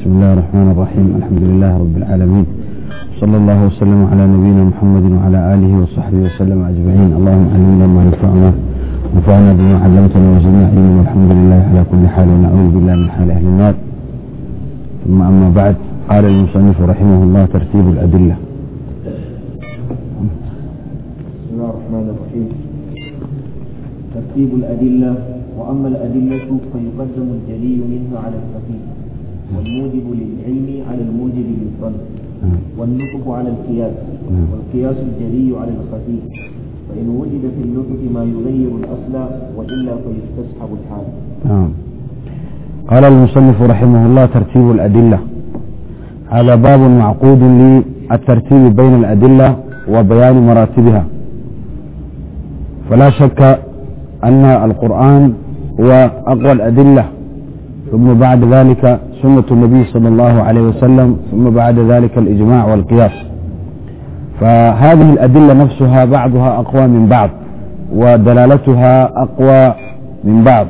بسم الله الرحمن الرحيم الحمد لله رب العالمين صلى الله وسلم على نبينا محمد وعلى آله وصحبه وسلم أجمعين اللهم علمنا ما ينفعنا وانفعنا بما علمتنا وزدنا علما والحمد لله على كل حال ونعوذ بالله من حال أهل النار ثم أما بعد قال المصنف رحمه الله ترتيب الأدلة بسم الله الرحمن الرحيم ترتيب الأدلة وأما الأدلة فيقدم الجلي منها على الخفي والموجب للعلم على الموجب للظن نعم. والنطق على القياس نعم. والقياس الجلي على الخفي فإن وجد في النطق ما يغير الأصل وإلا فيستسحب الحال نعم قال المصنف رحمه الله ترتيب الأدلة هذا باب معقود للترتيب بين الأدلة وبيان مراتبها فلا شك أن القرآن هو أقوى الأدلة ثم بعد ذلك سنة النبي صلى الله عليه وسلم ثم بعد ذلك الإجماع والقياس فهذه الأدلة نفسها بعضها أقوى من بعض ودلالتها أقوى من بعض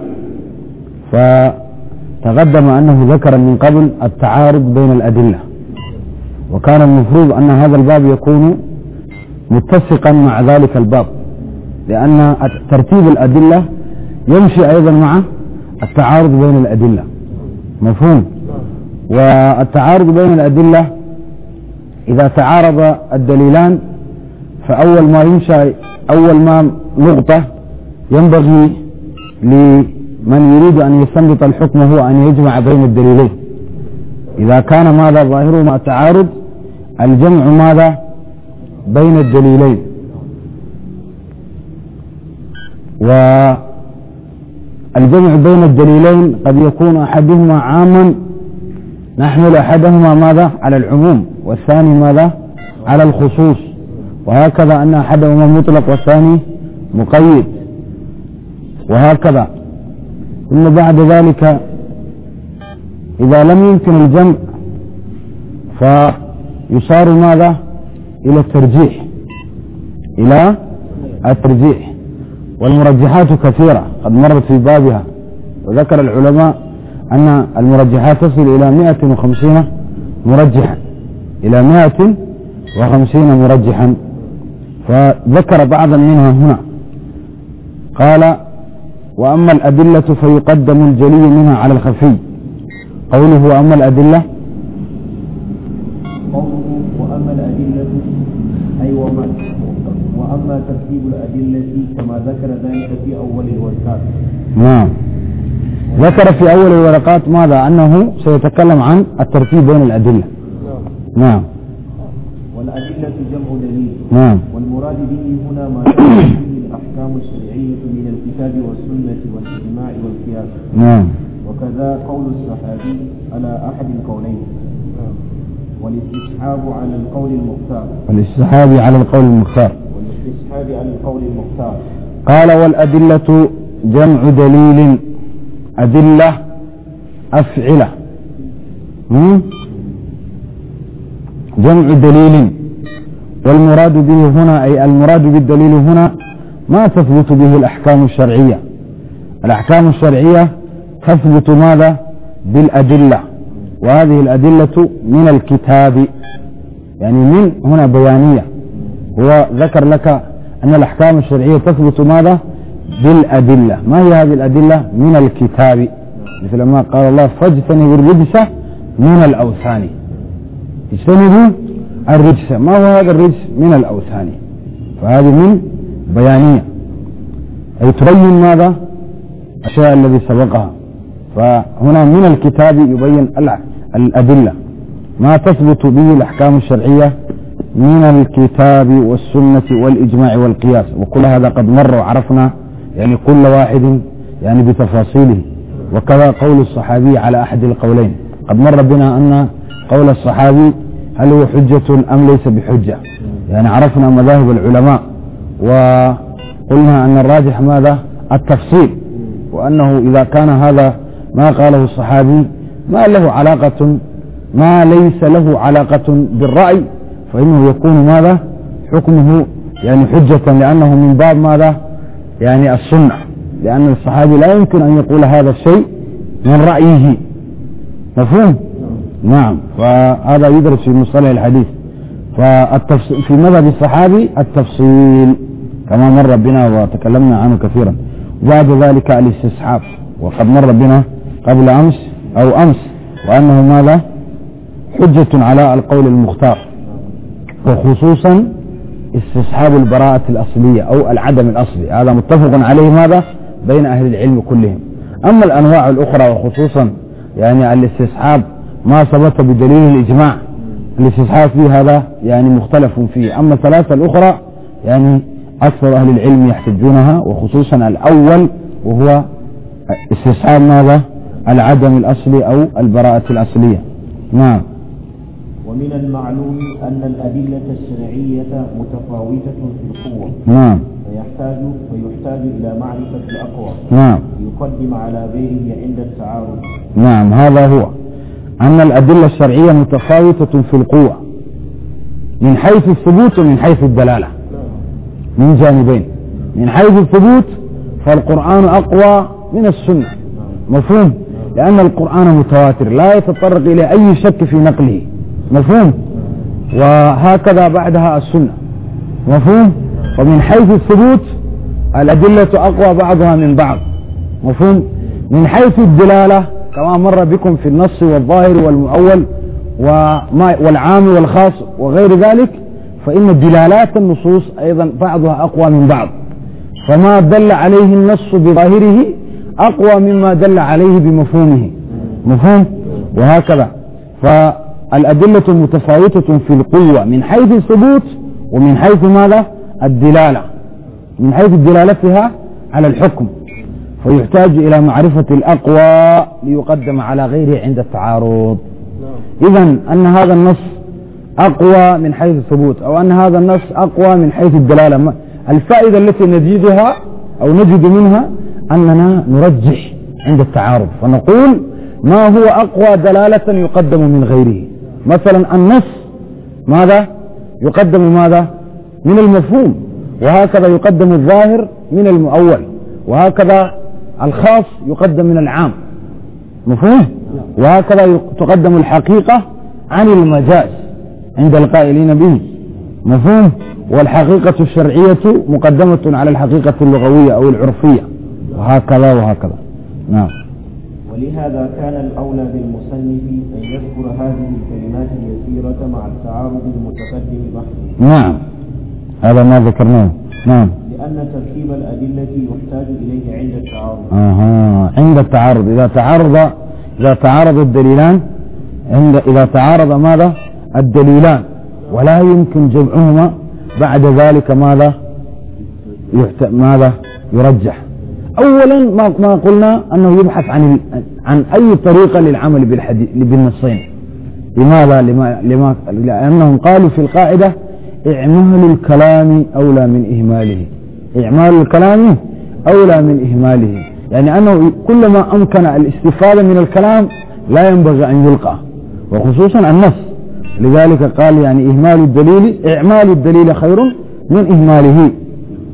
فتقدم أنه ذكر من قبل التعارض بين الأدلة وكان المفروض أن هذا الباب يكون متسقا مع ذلك الباب لأن ترتيب الأدلة يمشي أيضا مع التعارض بين الأدلة مفهوم والتعارض بين الأدلة إذا تعارض الدليلان فأول ما ينشأ أول ما نقطة ينبغي لمن يريد أن يستنبط الحكم هو أن يجمع بين الدليلين إذا كان ماذا ظاهرهما تعارض الجمع ماذا بين الدليلين و الجمع بين الدليلين قد يكون أحدهما عاما نحمل أحدهما ماذا على العموم والثاني ماذا على الخصوص وهكذا أن أحدهما مطلق والثاني مقيد وهكذا ثم بعد ذلك إذا لم يمكن الجمع فيصار ماذا إلى الترجيح إلى الترجيح والمرجحات كثيرة قد مرت في بابها وذكر العلماء أن المرجحات تصل إلى 150 مرجحا إلى 150 مرجحا فذكر بعضا منها هنا قال وأما الأدلة فيقدم الجلي منها على الخفي قوله وأما الأدلة قوله وأما الأدلة أي أيوة وما وأما ترتيب الأدلة كما ذكر ذلك في أول الورقات نعم ذكر في أول الورقات ماذا أنه سيتكلم عن الترتيب بين الأدلة نعم, نعم. والأدلة جمع دليل نعم والمراد به هنا ما فيه الأحكام الشرعية من الكتاب والسنة والإجماع والقياس نعم وكذا قول الصحابي على أحد القولين نعم. والاستصحاب على القول المختار والاستصحاب على القول المختار الاجتهاد عن القول المختار قال والأدلة جمع دليل أدلة أفعلة جمع دليل والمراد به هنا أي المراد بالدليل هنا ما تثبت به الأحكام الشرعية الأحكام الشرعية تثبت ماذا بالأدلة وهذه الأدلة من الكتاب يعني من هنا بيانية وذكر لك أن الأحكام الشرعية تثبت ماذا بالأدلة ما هي هذه الأدلة من الكتاب مثل ما قال الله فاجتنبوا الرجس من الأوثان اجتنبوا الرجس ما هو هذا الرجس من الأوثان فهذه من بيانية أي تبين ماذا الأشياء الذي سبقها فهنا من الكتاب يبين الأدلة ما تثبت به الأحكام الشرعية من الكتاب والسنة والإجماع والقياس وكل هذا قد مر وعرفنا يعني كل واحد يعني بتفاصيله وكذا قول الصحابي على أحد القولين قد مر بنا أن قول الصحابي هل هو حجة أم ليس بحجة يعني عرفنا مذاهب العلماء وقلنا أن الراجح ماذا التفصيل وأنه إذا كان هذا ما قاله الصحابي ما له علاقة ما ليس له علاقة بالرأي فإنه يكون ماذا حكمه يعني حجة لأنه من باب ماذا يعني السنة لأن الصحابي لا يمكن أن يقول هذا الشيء من رأيه مفهوم نعم فهذا يدرس في مصطلح الحديث فالتفصيل في مذهب الصحابي التفصيل كما مر بنا وتكلمنا عنه كثيرا بعد ذلك الاستصحاب وقد مر بنا قبل أمس أو أمس وأنه ماذا حجة على القول المختار وخصوصا استصحاب البراءة الأصلية أو العدم الأصلي هذا متفق عليه ماذا بين أهل العلم كلهم أما الأنواع الأخرى وخصوصا يعني الاستصحاب ما ثبت بدليل الإجماع الاستصحاب فيه هذا يعني مختلف فيه أما الثلاثة الأخرى يعني أكثر أهل العلم يحتجونها وخصوصا الأول وهو استصحاب ماذا العدم الأصلي أو البراءة الأصلية نعم ومن المعلوم أن الأدلة الشرعية متفاوتة في القوة نعم فيحتاج ويحتاج إلى معرفة الأقوى نعم يقدم على غيره عند التعارض نعم هذا هو أن الأدلة الشرعية متفاوتة في القوة من حيث الثبوت ومن حيث الدلالة نعم. من جانبين من حيث الثبوت فالقرآن أقوى من السنة نعم. مفهوم لأن القرآن متواتر لا يتطرق إلى أي شك في نقله مفهوم وهكذا بعدها السنة مفهوم ومن حيث الثبوت الأدلة أقوى بعضها من بعض مفهوم من حيث الدلالة كما مر بكم في النص والظاهر والمؤول وما والعام والخاص وغير ذلك فإن دلالات النصوص أيضا بعضها أقوى من بعض فما دل عليه النص بظاهره أقوى مما دل عليه بمفهومه مفهوم وهكذا ف الأدلة متفاوتة في القوة من حيث الثبوت ومن حيث ماذا الدلالة من حيث دلالتها على الحكم فيحتاج إلى معرفة الأقوى ليقدم على غيره عند التعارض إذا أن هذا النص أقوى من حيث الثبوت أو أن هذا النص أقوى من حيث الدلالة الفائدة التي نجدها أو نجد منها أننا نرجح عند التعارض فنقول ما هو أقوى دلالة يقدم من غيره مثلا النص ماذا يقدم ماذا من المفهوم وهكذا يقدم الظاهر من المؤول وهكذا الخاص يقدم من العام مفهوم وهكذا تقدم الحقيقة عن المجاز عند القائلين به مفهوم والحقيقة الشرعية مقدمة على الحقيقة اللغوية أو العرفية وهكذا وهكذا نعم لهذا كان الأولى بالمصنف أن يذكر هذه الكلمات اليسيرة مع التعارض المتقدم بحثه نعم هذا ما ذكرناه نعم لأن ترتيب الأدلة يحتاج إليه عند التعارض أها عند التعارض إذا تعارض إذا تعارض الدليلان عند إذا تعارض ماذا الدليلان ولا يمكن جمعهما بعد ذلك ماذا يحت... ماذا يرجح أولا ما قلنا أنه يبحث عن عن أي طريقة للعمل بالحديث بالنصين لماذا لما لما لأنهم قالوا في القاعدة إعمال الكلام أولى من إهماله إعمال الكلام أولى من إهماله يعني أنه كلما أمكن الاستفادة من الكلام لا ينبغي أن يلقى وخصوصا النص لذلك قال يعني إهمال الدليل إعمال الدليل خير من إهماله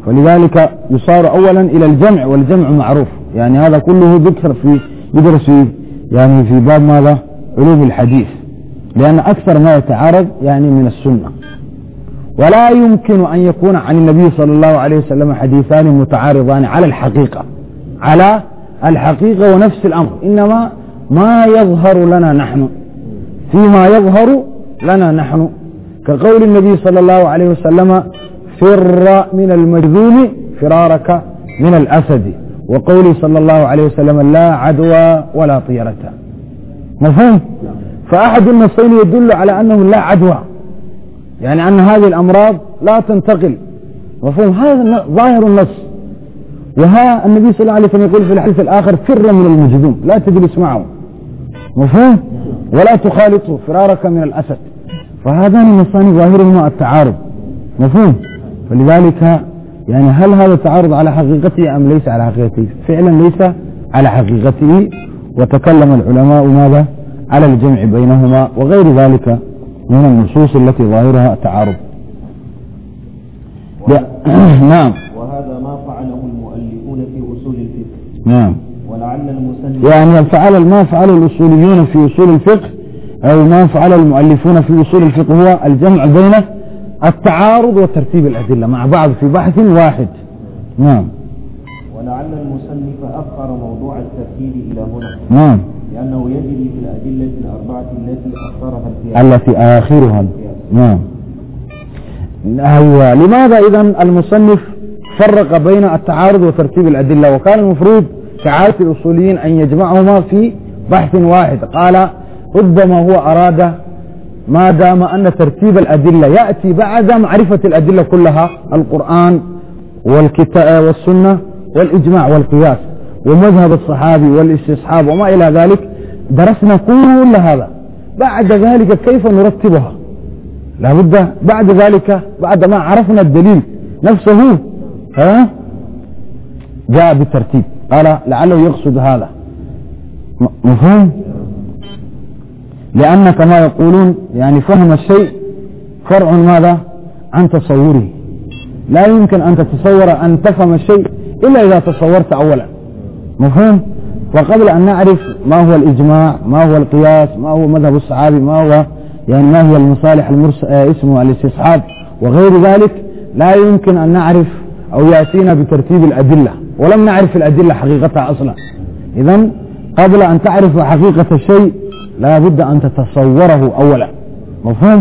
ولذلك يصار أولا إلى الجمع والجمع معروف يعني هذا كله ذكر في يدرس في يعني في باب ماذا علوم الحديث لأن أكثر ما يتعارض يعني من السنة ولا يمكن أن يكون عن النبي صلى الله عليه وسلم حديثان متعارضان على الحقيقة على الحقيقة ونفس الأمر إنما ما يظهر لنا نحن فيما يظهر لنا نحن كقول النبي صلى الله عليه وسلم فر من المجذوم فرارك من الأسد وقولي صلى الله عليه وسلم لا عدوى ولا طيرة مفهوم فأحد النصين يدل على أنه لا عدوى يعني أن هذه الأمراض لا تنتقل مفهوم هذا ظاهر النص وها النبي صلى الله عليه وسلم يقول في الحديث الآخر فر من المجذوم لا تجلس معه مفهوم ولا تخالطه فرارك من الأسد فهذان النصان ظاهرهما التعارض مفهوم فلذلك يعني هل هذا تعرض على حقيقته أم ليس على حقيقته فعلا ليس على حقيقته وتكلم العلماء ماذا على الجمع بينهما وغير ذلك من النصوص التي ظاهرها تعارض نعم وهذا ما فعله المؤلفون في أصول الفقه نعم ولعل المسلم يعني فعل ما فعل الأصوليون في أصول الفقه أو ما فعل المؤلفون في أصول الفقه هو الجمع بينه التعارض وترتيب الأدلة مع بعض في بحث واحد نعم ولعل المصنف أخر موضوع الترتيب إلى هنا نعم لأنه يجري في الأدلة الأربعة التي أخرها الفئة التي آخرها نعم أيوة لماذا إذا المصنف فرق بين التعارض وترتيب الأدلة وكان المفروض كعادة الأصوليين أن يجمعهما في بحث واحد قال ربما هو أراد ما دام أن ترتيب الأدلة يأتي بعد معرفة الأدلة كلها القرآن والكتاب والسنة والإجماع والقياس ومذهب الصحابي والاستصحاب وما إلى ذلك درسنا كل هذا بعد ذلك كيف نرتبها لابد بعد ذلك بعد ما عرفنا الدليل نفسه ها جاء بالترتيب قال لعله يقصد هذا مفهوم لأن كما يقولون يعني فهم الشيء فرع ماذا عن تصوره لا يمكن أن تتصور أن تفهم الشيء إلا إذا تصورت أولا مفهوم وقبل أن نعرف ما هو الإجماع ما هو القياس ما هو مذهب الصحابي ما هو يعني ما هي المصالح المرس... آه، اسمه الاستصحاب وغير ذلك لا يمكن أن نعرف أو يأتينا بترتيب الأدلة ولم نعرف الأدلة حقيقتها أصلا إذا قبل أن تعرف حقيقة الشيء لا بد أن تتصوره أولا مفهوم؟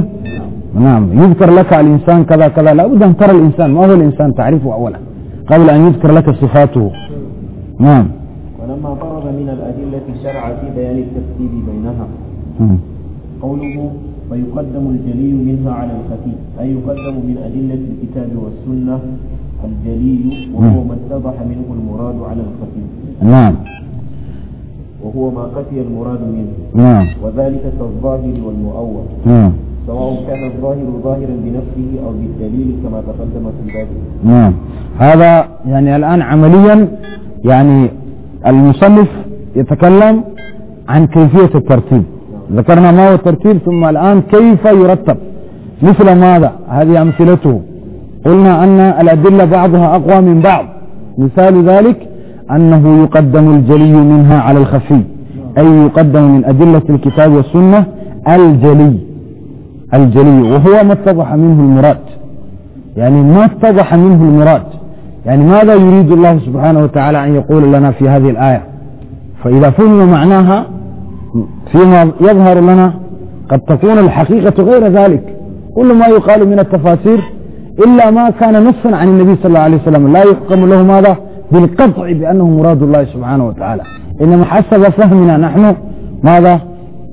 نعم يذكر لك الإنسان كذا كذا لا بد أن ترى الإنسان ما هو الإنسان تعرفه أولا قبل أن يذكر لك صفاته نعم ولما ضرب من الأدلة شرع في بيان الترتيب بينها قوله ويقدم الجلي منها على الخفي أي يقدم من أدلة الكتاب والسنة الجلي وهو ما اتضح منه المراد على الخفي نعم وهو ما قتي المراد منه نعم وذلك كالظاهر والمؤول نعم سواء كان الظاهر ظاهرا بنفسه أو بالدليل كما تقدم في ذلك نعم هذا يعني الآن عمليا يعني المصنف يتكلم عن كيفية الترتيب ذكرنا ما هو الترتيب ثم الآن كيف يرتب مثل ماذا هذه أمثلته قلنا أن الأدلة بعضها أقوى من بعض مثال ذلك أنه يقدم الجلي منها على الخفي أي يقدم من أدلة الكتاب والسنة الجلي الجلي وهو ما اتضح منه المراد يعني ما اتضح منه المراد يعني ماذا يريد الله سبحانه وتعالى أن يقول لنا في هذه الآية فإذا فهم معناها فيما يظهر لنا قد تكون الحقيقة غير ذلك كل ما يقال من التفاسير إلا ما كان نصا عن النبي صلى الله عليه وسلم لا يحكم له ماذا بالقطع بأنه مراد الله سبحانه وتعالى إنما حسب فهمنا نحن ماذا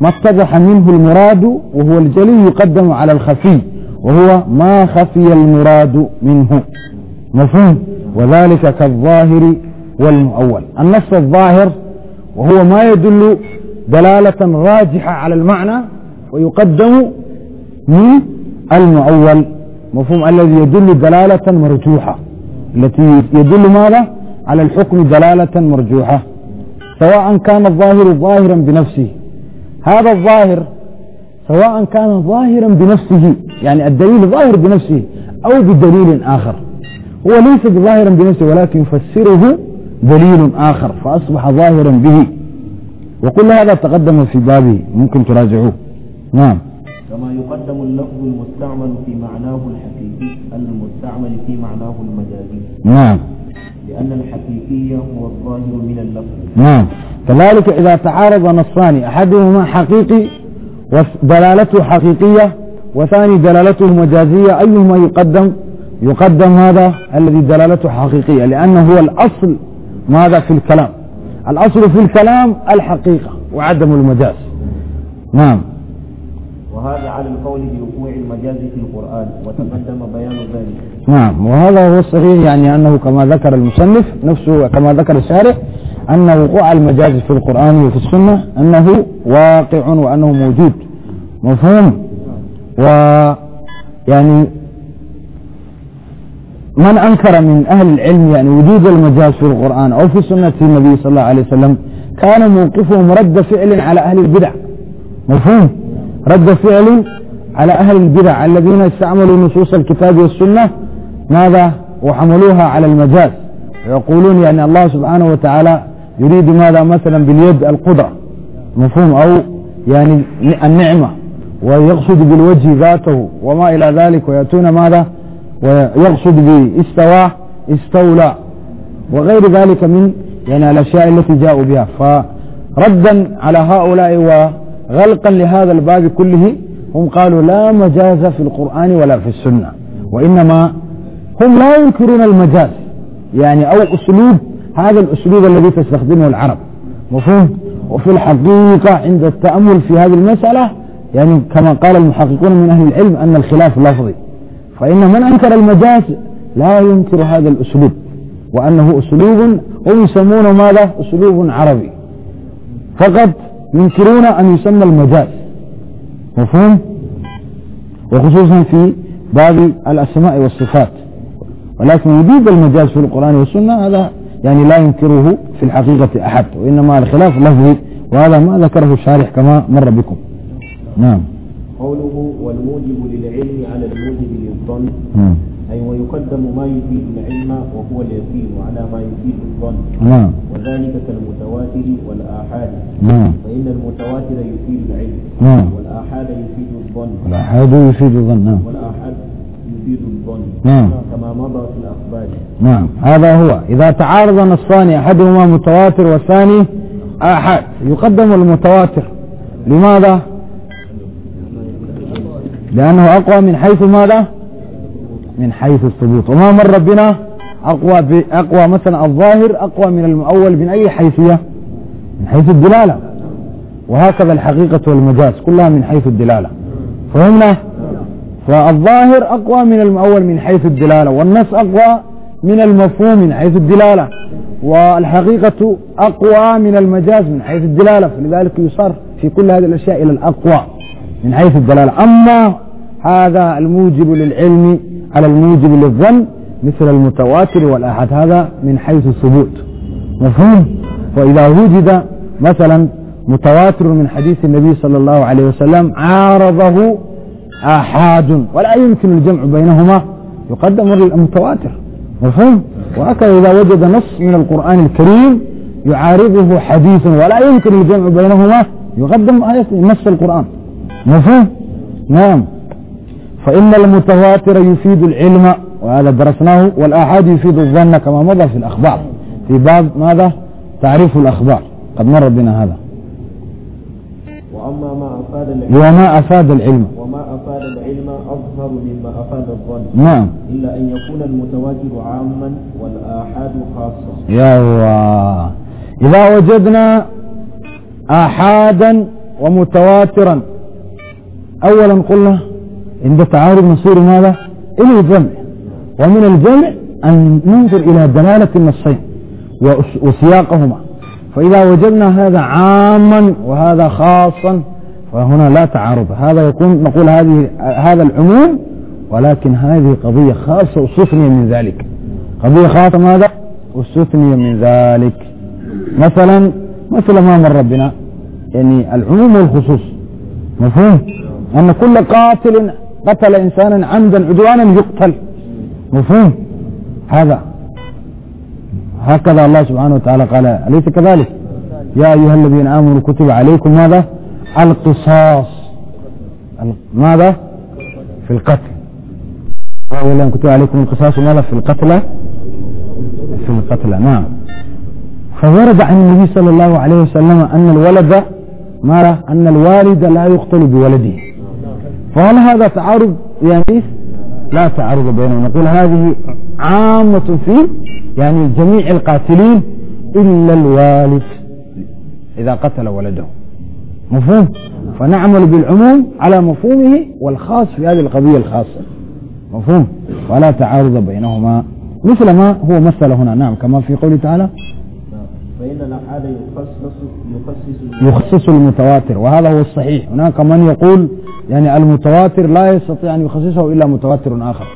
ما اتضح منه المراد وهو الجلي يقدم على الخفي وهو ما خفي المراد منه مفهوم وذلك كالظاهر والمؤول النص الظاهر وهو ما يدل دلالة راجحة على المعنى ويقدم من المؤول مفهوم الذي يدل دلالة مرجوحة التي يدل ماذا على الحكم دلالة مرجوحة سواء كان الظاهر ظاهرا بنفسه هذا الظاهر سواء كان ظاهرا بنفسه يعني الدليل ظاهر بنفسه أو بدليل آخر هو ليس ظاهرا بنفسه ولكن يفسره دليل آخر فأصبح ظاهرا به وكل هذا تقدم في بابه ممكن تراجعوه نعم كما يقدم اللفظ المستعمل في معناه الحقيقي المستعمل في معناه المجازي نعم لأن الحقيقية هو الظاهر من اللفظ نعم كذلك إذا تعارض نصان أحدهما حقيقي ودلالته حقيقية وثاني دلالته مجازية أيهما يقدم يقدم هذا الذي دلالته حقيقية لأنه هو الأصل ماذا في الكلام الأصل في الكلام الحقيقة وعدم المجاز نعم وهذا على القول بوقوع المجاز في القرآن وتقدم بيان ذلك نعم وهذا هو الصحيح يعني أنه كما ذكر المصنف نفسه كما ذكر الشارح أن وقوع المجاز في القرآن وفي السنة أنه واقع وأنه موجود مفهوم و يعني من أنكر من أهل العلم يعني وجود المجاز في القرآن أو في سنة النبي صلى الله عليه وسلم كان موقفهم رد فعل على أهل البدع مفهوم رد فعل على أهل البدع الذين استعملوا نصوص الكتاب والسنة ماذا وحملوها على المجاز يقولون يعني الله سبحانه وتعالى يريد ماذا مثلا باليد القدرة مفهوم أو يعني النعمة ويقصد بالوجه ذاته وما إلى ذلك ويأتون ماذا ويقصد باستوى استولى وغير ذلك من يعني الأشياء التي جاءوا بها فردا على هؤلاء غلقا لهذا الباب كله هم قالوا لا مجاز في القرآن ولا في السنة وإنما هم لا ينكرون المجاز يعني أو أسلوب هذا الأسلوب الذي تستخدمه العرب مفهوم وفي الحقيقة عند التأمل في هذه المسألة يعني كما قال المحققون من أهل العلم أن الخلاف لفظي فإن من أنكر المجاز لا ينكر هذا الأسلوب وأنه أسلوب هم يسمونه ماذا أسلوب عربي فقط ينكرون أن يسمى المجاز مفهوم وخصوصا في باب الأسماء والصفات ولكن وجود المجاز في القرآن والسنة هذا يعني لا ينكره في الحقيقة أحد وإنما الخلاف لفظي وهذا ما ذكره الشارح كما مر بكم نعم قوله والموجب للعلم على الموجب للظن نعم. أي ويقدم ما يفيد العلم وهو اليقين على ما يفيد الظن نعم وذلك كالمتواتر والآحاد نعم فإن المتواتر يفيد العلم نعم والآحاد يفيد الظن والآحاد يفيد الظن نعم والآحاد يفيد الظن نعم كما مضى في الأخبار نعم هذا هو إذا تعارض نصان أحدهما متواتر والثاني آحاد يقدم المتواتر لماذا؟ لأنه أقوى من حيث ماذا من حيث الثبوت وما مر بنا أقوى, أقوى مثلا الظاهر أقوى من المؤول من أي حيثية من حيث الدلالة وهكذا الحقيقة والمجاز كلها من حيث الدلالة فهمنا فالظاهر أقوى من المؤول من حيث الدلالة والنص أقوى من المفهوم من حيث الدلالة والحقيقة أقوى من المجاز من حيث الدلالة فلذلك يصار في كل هذه الأشياء إلى الأقوى من حيث الدلالة أما هذا الموجب للعلم على الموجب للظن مثل المتواتر والأحد هذا من حيث الثبوت مفهوم وإذا وجد مثلا متواتر من حديث النبي صلى الله عليه وسلم عارضه آحاد ولا يمكن الجمع بينهما يقدم المتواتر مفهوم وهكذا إذا وجد نص من القرآن الكريم يعارضه حديث ولا يمكن الجمع بينهما يقدم آية نص القرآن مفهوم نعم فإن المتواتر يفيد العلم وهذا درسناه والآحاد يفيد الظن كما مضى في الأخبار في باب ماذا تعريف الأخبار قد مر بنا هذا وأما ما أفاد العلم وما أفاد العلم وما أفاد العلم أظهر مما أفاد الظن نعم إلا أن يكون المتواتر عاما والآحاد خاصة يا الله إذا وجدنا آحادا ومتواترا أولا قلنا إن تعارض مصير ماذا إلى الجمع ومن الجمع أن ننظر إلى دلالة النصين وسياقهما فإذا وجدنا هذا عاما وهذا خاصا فهنا لا تعارض هذا يكون نقول هذه هذا العموم ولكن هذه قضية خاصة واستثني من ذلك قضية خاصة ماذا واستثني من ذلك مثلا مثل ما مر بنا يعني العموم والخصوص مفهوم أن كل قاتل قتل إنسانا عمدا عدوانا يقتل مفهوم هذا هكذا الله سبحانه وتعالى قال أليس كذلك يا أيها الذين آمنوا كتب عليكم ماذا القصاص ماذا في القتل يا أولا كتب عليكم القصاص ماذا في القتل في القتل نعم فورد عن النبي صلى الله عليه وسلم أن الولد ماذا أن الوالد لا يقتل بولده فهل هذا تعارض يعني لا تعارض بينه نقول هذه عامة في يعني جميع القاتلين إلا الوالد إذا قتل ولده مفهوم فنعمل بالعموم على مفهومه والخاص في هذه القضية الخاصة مفهوم ولا تعارض بينهما مثل ما هو مثل هنا نعم كما في قوله تعالى فإن الأحاد يخصص يخصص يخصص المتواتر وهذا هو الصحيح هناك من يقول يعني المتواتر لا يستطيع أن يخصصه إلا متواتر آخر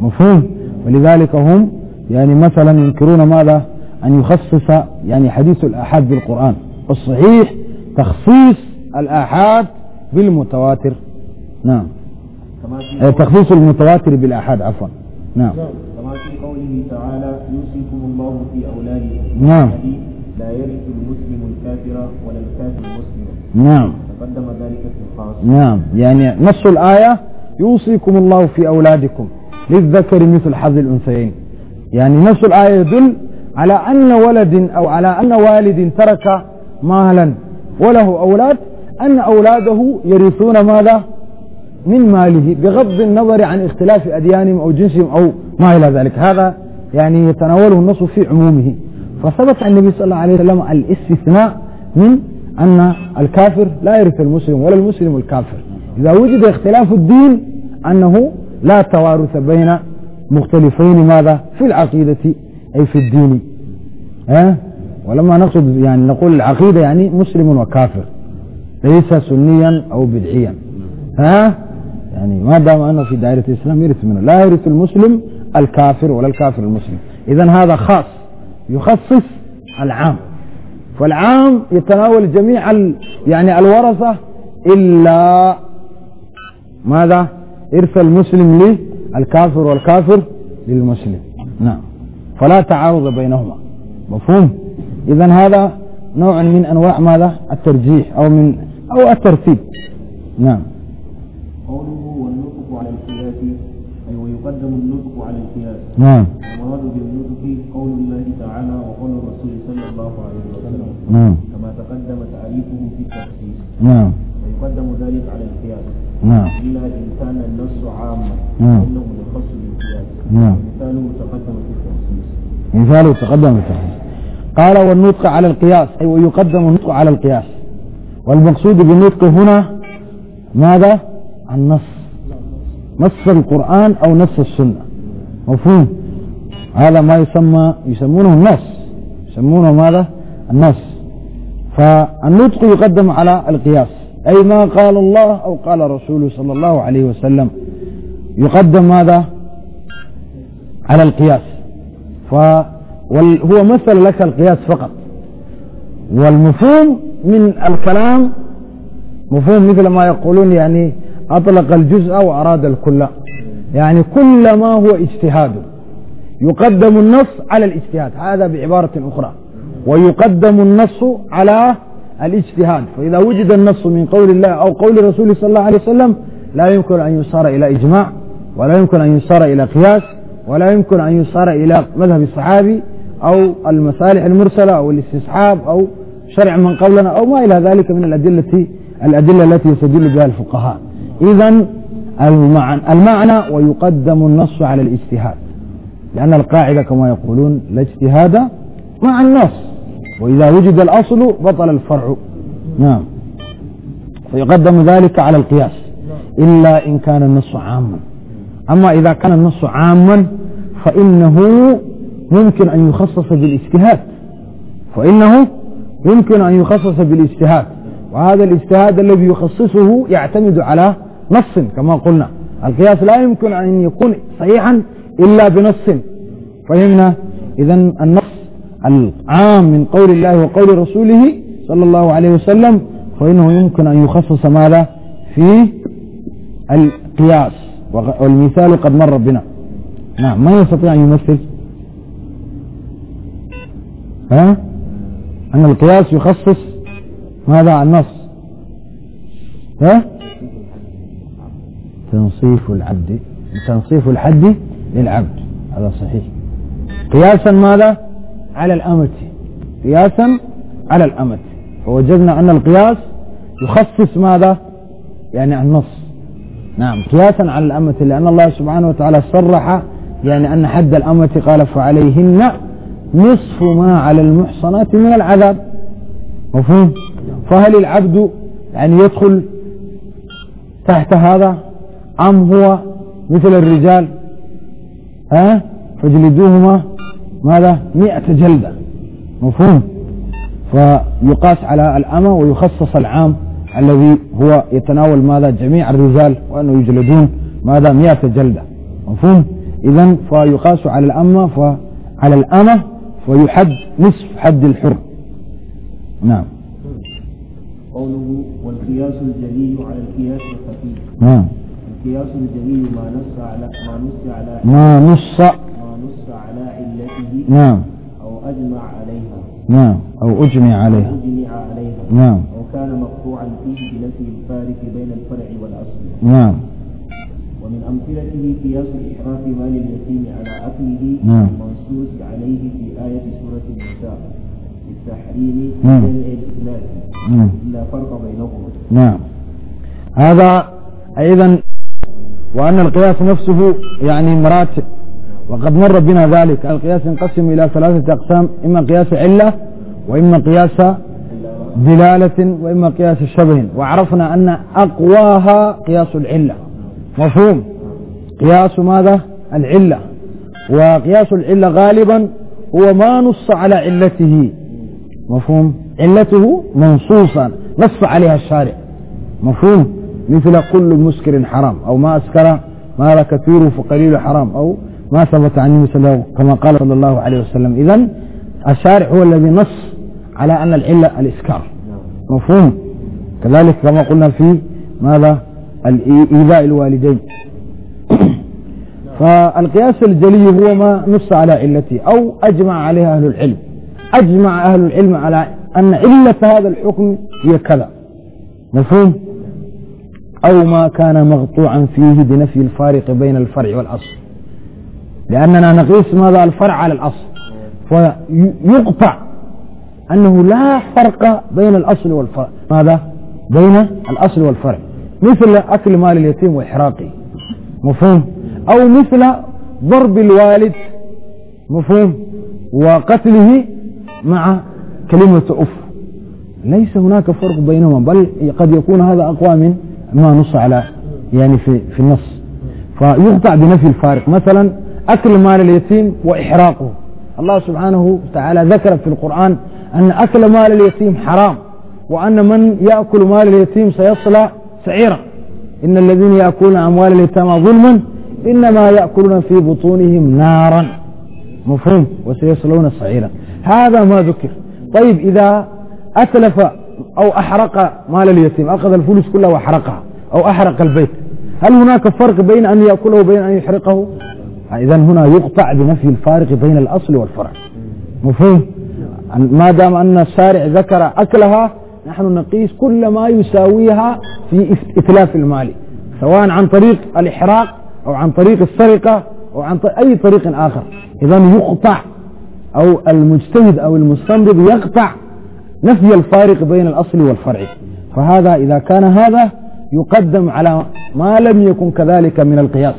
مفهوم ولذلك هم يعني مثلا ينكرون ماذا أن يخصص يعني حديث الآحاد بالقرآن الصحيح تخصيص الآحاد بالمتواتر نعم تخصيص المتواتر بالآحاد عفوا نعم كما في قوله تعالى يوصيكم الله في أولادكم نعم لا يرث المسلم الكافر ولا الكافر المسلم نعم تقدم ذلك في الخاص نعم يعني نص الآية يوصيكم الله في أولادكم للذكر مثل حظ الأنثيين يعني نص الآية يدل على أن ولد أو على أن والد ترك مالا وله أولاد أن أولاده يرثون ماذا من ماله بغض النظر عن اختلاف أديانهم أو جنسهم أو ما إلى ذلك هذا يعني يتناوله النص في عمومه فثبت عن النبي صلى الله عليه وسلم الاستثناء من أن الكافر لا يرث المسلم ولا المسلم الكافر إذا وجد اختلاف الدين أنه لا توارث بين مختلفين ماذا في العقيدة أي في الدين أه؟ ولما نقصد يعني نقول العقيدة يعني مسلم وكافر ليس سنيا أو بدعيا ها أه؟ يعني ما دام أنه في دائرة الإسلام يرث منه لا يرث المسلم الكافر ولا الكافر المسلم إذا هذا خاص يخصص العام فالعام يتناول جميع ال يعني الورثة إلا ماذا إرث المسلم للكافر والكافر للمسلم نعم فلا تعارض بينهما مفهوم إذا هذا نوع من أنواع ماذا الترجيح أو من أو الترتيب نعم قوله والنطق على الكياس أي ويقدم النطق على الكياس نعم المراد نعم كما تقدم تعريفه في التخصيص نعم ويقدم ذلك على القياس نعم إلا إن كان النص عاما فإنه نعم. يخص بالقياس نعم مثاله تقدم في التخصيص مثاله تقدم في التخصيص قال والنطق على القياس أي ويقدم النطق على القياس والمقصود بالنطق هنا ماذا النص نص القرآن أو نص السنة مفهوم هذا ما يسمى يسمونه النص يسمونه ماذا النص فالنطق يقدم على القياس أي ما قال الله أو قال رسوله صلى الله عليه وسلم يقدم ماذا على القياس فهو مثل لك القياس فقط والمفهوم من الكلام مفهوم مثل ما يقولون يعني أطلق الجزء وأراد الكل يعني كل ما هو اجتهاد يقدم النص على الاجتهاد هذا بعبارة أخرى ويقدم النص على الاجتهاد فإذا وجد النص من قول الله أو قول رسول صلى الله عليه وسلم لا يمكن أن يصار إلى إجماع ولا يمكن أن يصار إلى قياس ولا يمكن أن يصار إلى مذهب الصحابي أو المصالح المرسلة أو الاستصحاب أو شرع من قبلنا أو ما إلى ذلك من الأدلة الأدلة التي يستدل بها الفقهاء إذا المعنى, المعنى ويقدم النص على الاجتهاد لأن القاعدة كما يقولون لا اجتهاد مع النص وإذا وجد الأصل بطل الفرع نعم فيقدم ذلك على القياس إلا إن كان النص عاما أما إذا كان النص عاما فإنه يمكن أن يخصص بالاجتهاد فإنه يمكن أن يخصص بالاجتهاد وهذا الاجتهاد الذي يخصصه يعتمد على نص كما قلنا القياس لا يمكن أن يكون صحيحا إلا بنص فهمنا إذا النص العام من قول الله وقول رسوله صلى الله عليه وسلم فإنه يمكن أن يخصص ماذا في القياس والمثال قد مر بنا نعم ما يستطيع أن يمثل ها أن القياس يخصص ماذا عن النص ها تنصيف العبد تنصيف الحد للعبد هذا صحيح قياسا ماذا على الأمت قياسا على الأمت فوجدنا أن القياس يخصص ماذا يعني النص نعم قياسا على الأمت لأن الله سبحانه وتعالى صرح يعني أن حد الأمت قال فعليهن نصف ما على المحصنات من العذاب مفهوم فهل العبد يعني يدخل تحت هذا أم هو مثل الرجال ها فاجلدوهما ماذا مئة جلدة مفهوم فيقاس على الأمة ويخصص العام الذي هو يتناول ماذا جميع الرجال وأنه يجلدون ماذا مئة جلدة مفهوم إذا فيقاس على الأمة فعلى الأمة فيحد نصف حد الحر نعم قوله والقياس الجليل على القياس الخفي نعم القياس الجليل ما نص على ما نص على ما نص نعم أو أجمع عليها نعم أو أجمع عليها أو أجمع عليها نعم أو كان مقطوعا فيه بنفي الفارق بين الفرع والأصل نعم ومن أمثلته قياس إحراف مال اليتيم على أكله نعم المنصوص عليه في آية سورة النساء بالتحريم نعم الإسلام نعم لا فرق بينهما نعم هذا أيضا وأن القياس نفسه يعني مراتب وقد مر بنا ذلك القياس ينقسم إلى ثلاثة أقسام إما قياس علة وإما قياس دلالة وإما قياس شبه وعرفنا أن أقواها قياس العلة مفهوم قياس ماذا العلة وقياس العلة غالبا هو ما نص على علته مفهوم علته منصوصا نص عليها الشارع مفهوم مثل كل مسكر حرام أو ما أسكر ما كثير فقليل حرام أو ما ثبت عن النبي صلى الله عليه وسلم كما قال صلى الله عليه وسلم إذا الشارع هو الذي نص على أن العلة الإسكار مفهوم كذلك كما قلنا في ماذا إيذاء الوالدين فالقياس الجلي هو ما نص على علته أو أجمع عليها أهل العلم أجمع أهل العلم على أن علة هذا الحكم هي كذا مفهوم أو ما كان مقطوعا فيه بنفي الفارق بين الفرع والأصل لأننا نقيس ماذا الفرع على الأصل فيقطع أنه لا فرق بين الأصل والفرع ماذا بين الأصل والفرع مثل أكل مال اليتيم وإحراقه مفهوم أو مثل ضرب الوالد مفهوم وقتله مع كلمة أف ليس هناك فرق بينهما بل قد يكون هذا أقوى من ما نص على يعني في, في النص فيقطع بنفي الفارق مثلا أكل مال اليتيم وإحراقه الله سبحانه وتعالى ذكر في القرآن أن أكل مال اليتيم حرام وأن من يأكل مال اليتيم سيصلى سعيرا إن الذين يأكلون أموال اليتامى ظلما إنما يأكلون في بطونهم نارا مفهوم وسيصلون سعيرا هذا ما ذكر طيب إذا أتلف أو أحرق مال اليتيم أخذ الفلوس كلها وأحرقها أو أحرق البيت هل هناك فرق بين أن يأكله وبين أن يحرقه إذا هنا يقطع بنفي الفارق بين الأصل والفرع مفهوم ما دام أن الشارع ذكر أكلها نحن نقيس كل ما يساويها في إتلاف المال سواء عن طريق الإحراق أو عن طريق السرقة أو عن طريق أي طريق آخر إذا يقطع أو المجتهد أو المستنبط يقطع نفي الفارق بين الأصل والفرع فهذا إذا كان هذا يقدم على ما لم يكن كذلك من القياس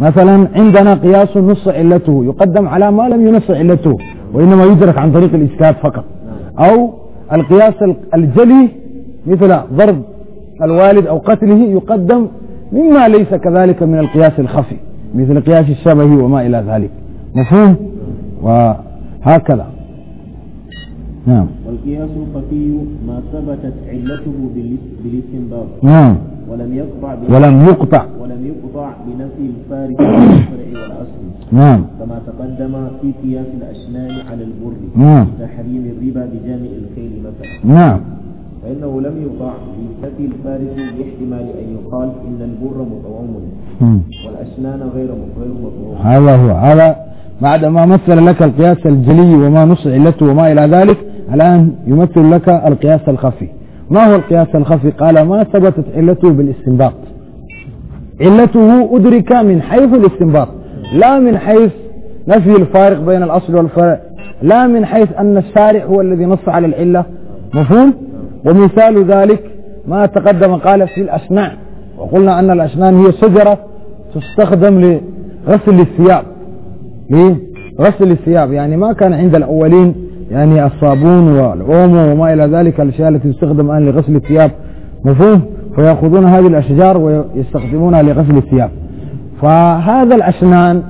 مثلا عندنا قياس نص علته يقدم على ما لم ينص علته وإنما يدرك عن طريق الإسكاب فقط أو القياس الجلي مثل ضرب الوالد أو قتله يقدم مما ليس كذلك من القياس الخفي مثل قياس الشبه وما إلى ذلك مفهوم وهكذا نعم والقياس الخفي ما ثبتت علته بالاستنباط نعم ولم يقطع ولم يقطع ولم يقطع بنفي الفارق والفرع والاصل نعم كما تقدم في قياس الاشنان على البر نعم تحريم الربا بجامع الخيل مثلا نعم فإنه لم يقع بنفي الفارق باحتمال أن يقال إن البر متومن والأسنان غير غير مطعوم هذا هو هذا بعد ما مثل لك القياس الجلي وما نص علته وما إلى ذلك الآن يمثل لك القياس الخفي ما هو القياس الخفي قال ما ثبتت علته بالاستنباط علته أدرك من حيث الاستنباط لا من حيث نفي الفارق بين الأصل والفرع لا من حيث أن الشارع هو الذي نص على العلة مفهوم ومثال ذلك ما تقدم قال في الأشنان وقلنا أن الأشنان هي شجرة تستخدم لغسل الثياب لغسل الثياب يعني ما كان عند الأولين يعني الصابون والأومو وما إلى ذلك الأشياء التي تستخدم الآن لغسل الثياب مفهوم فيأخذون هذه الأشجار ويستخدمونها لغسل الثياب فهذا الأسنان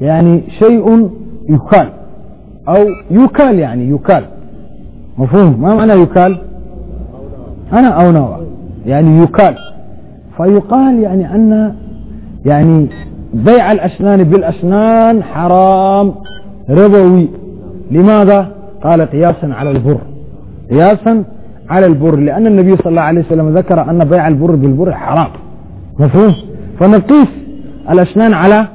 يعني شيء يكال أو يكال يعني يكال مفهوم ما معنى يكال أنا أو نوع يعني يكال فيقال يعني أن يعني بيع الأسنان بالأسنان حرام ربوي لماذا قال قياسا على البر قياسا على البر لأن النبي صلى الله عليه وسلم ذكر أن بيع البر بالبر حرام مفهوم فنقيس الأسنان على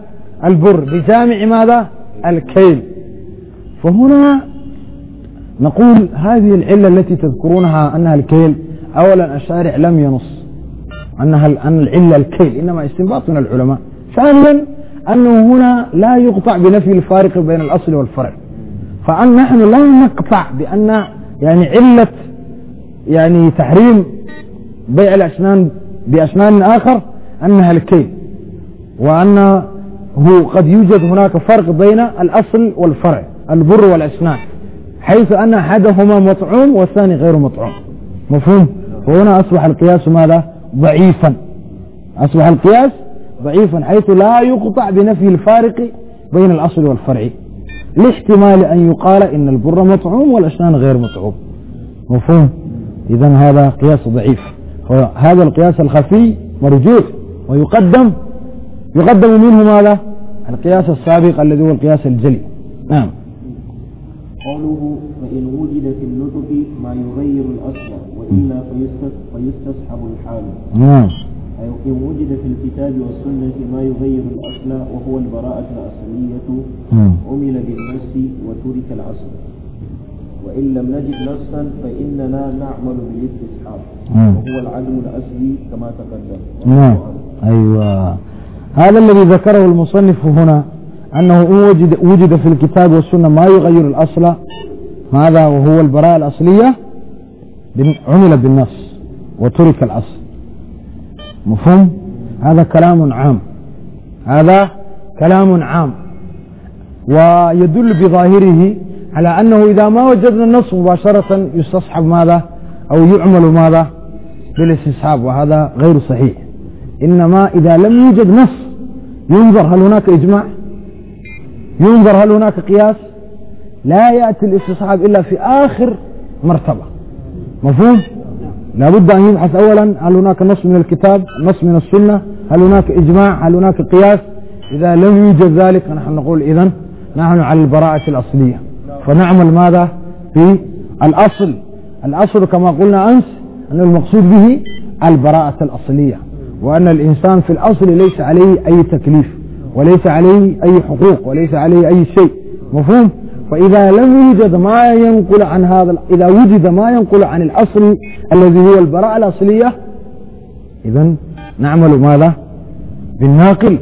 البر بجامع ماذا الكيل فهنا نقول هذه العلة التي تذكرونها أنها الكيل أولا الشارع لم ينص أنها أن العلة الكيل إنما استنباط من العلماء ثانيا أنه هنا لا يقطع بنفي الفارق بين الأصل والفرع فعن نحن لا نقطع بأن يعني علة يعني تحريم بيع الأسنان بأسنان آخر أنها الكيل وأنه قد يوجد هناك فرق بين الأصل والفرع البر والأسنان حيث أن أحدهما مطعوم والثاني غير مطعوم مفهوم وهنا أصبح القياس ماذا ضعيفا أصبح القياس ضعيفا حيث لا يقطع بنفي الفارق بين الأصل والفرع لاحتمال أن يقال إن البر مطعوم والأشنان غير مطعوم مفهوم إذا هذا قياس ضعيف هذا القياس الخفي مرجوح ويقدم يقدم منه ماذا القياس السابق الذي هو القياس الجلي نعم قوله فإن وجد في النطق ما يغير الأصل وإلا فيستصحب الحال نعم إن وجد في الكتاب والسنة ما يغير الأصل وهو البراءة الأصلية عمل بالنص وترك الأصل وإن لم نجد نصا فإننا نعمل بالاستسحاب وهو العدم الأصلي كما تقدم نعم أيوة هذا الذي ذكره المصنف هنا أنه إن وجد, وجد في الكتاب والسنة ما يغير الأصل ماذا وهو البراءة الأصلية عمل بالنص وترك الأصل مفهوم هذا كلام عام هذا كلام عام ويدل بظاهره على أنه إذا ما وجدنا النص مباشرة يستصحب ماذا أو يعمل ماذا بالاستصحاب وهذا غير صحيح إنما إذا لم يوجد نص ينظر هل هناك إجماع ينظر هل هناك قياس لا يأتي الاستصحاب إلا في آخر مرتبة مفهوم لابد أن يبحث أولا هل هناك نص من الكتاب نص من السنة هل هناك إجماع هل هناك قياس إذا لم يوجد ذلك فنحن نقول إذا نحن على البراءة الأصلية فنعمل ماذا في الأصل الأصل كما قلنا أمس أن المقصود به البراءة الأصلية وأن الإنسان في الأصل ليس عليه أي تكليف وليس عليه أي حقوق وليس عليه أي شيء مفهوم فإذا لم يوجد ما ينقل عن هذا إذا وجد ما ينقل عن الأصل الذي هو البراءة الأصلية إذا نعمل ماذا بالناقل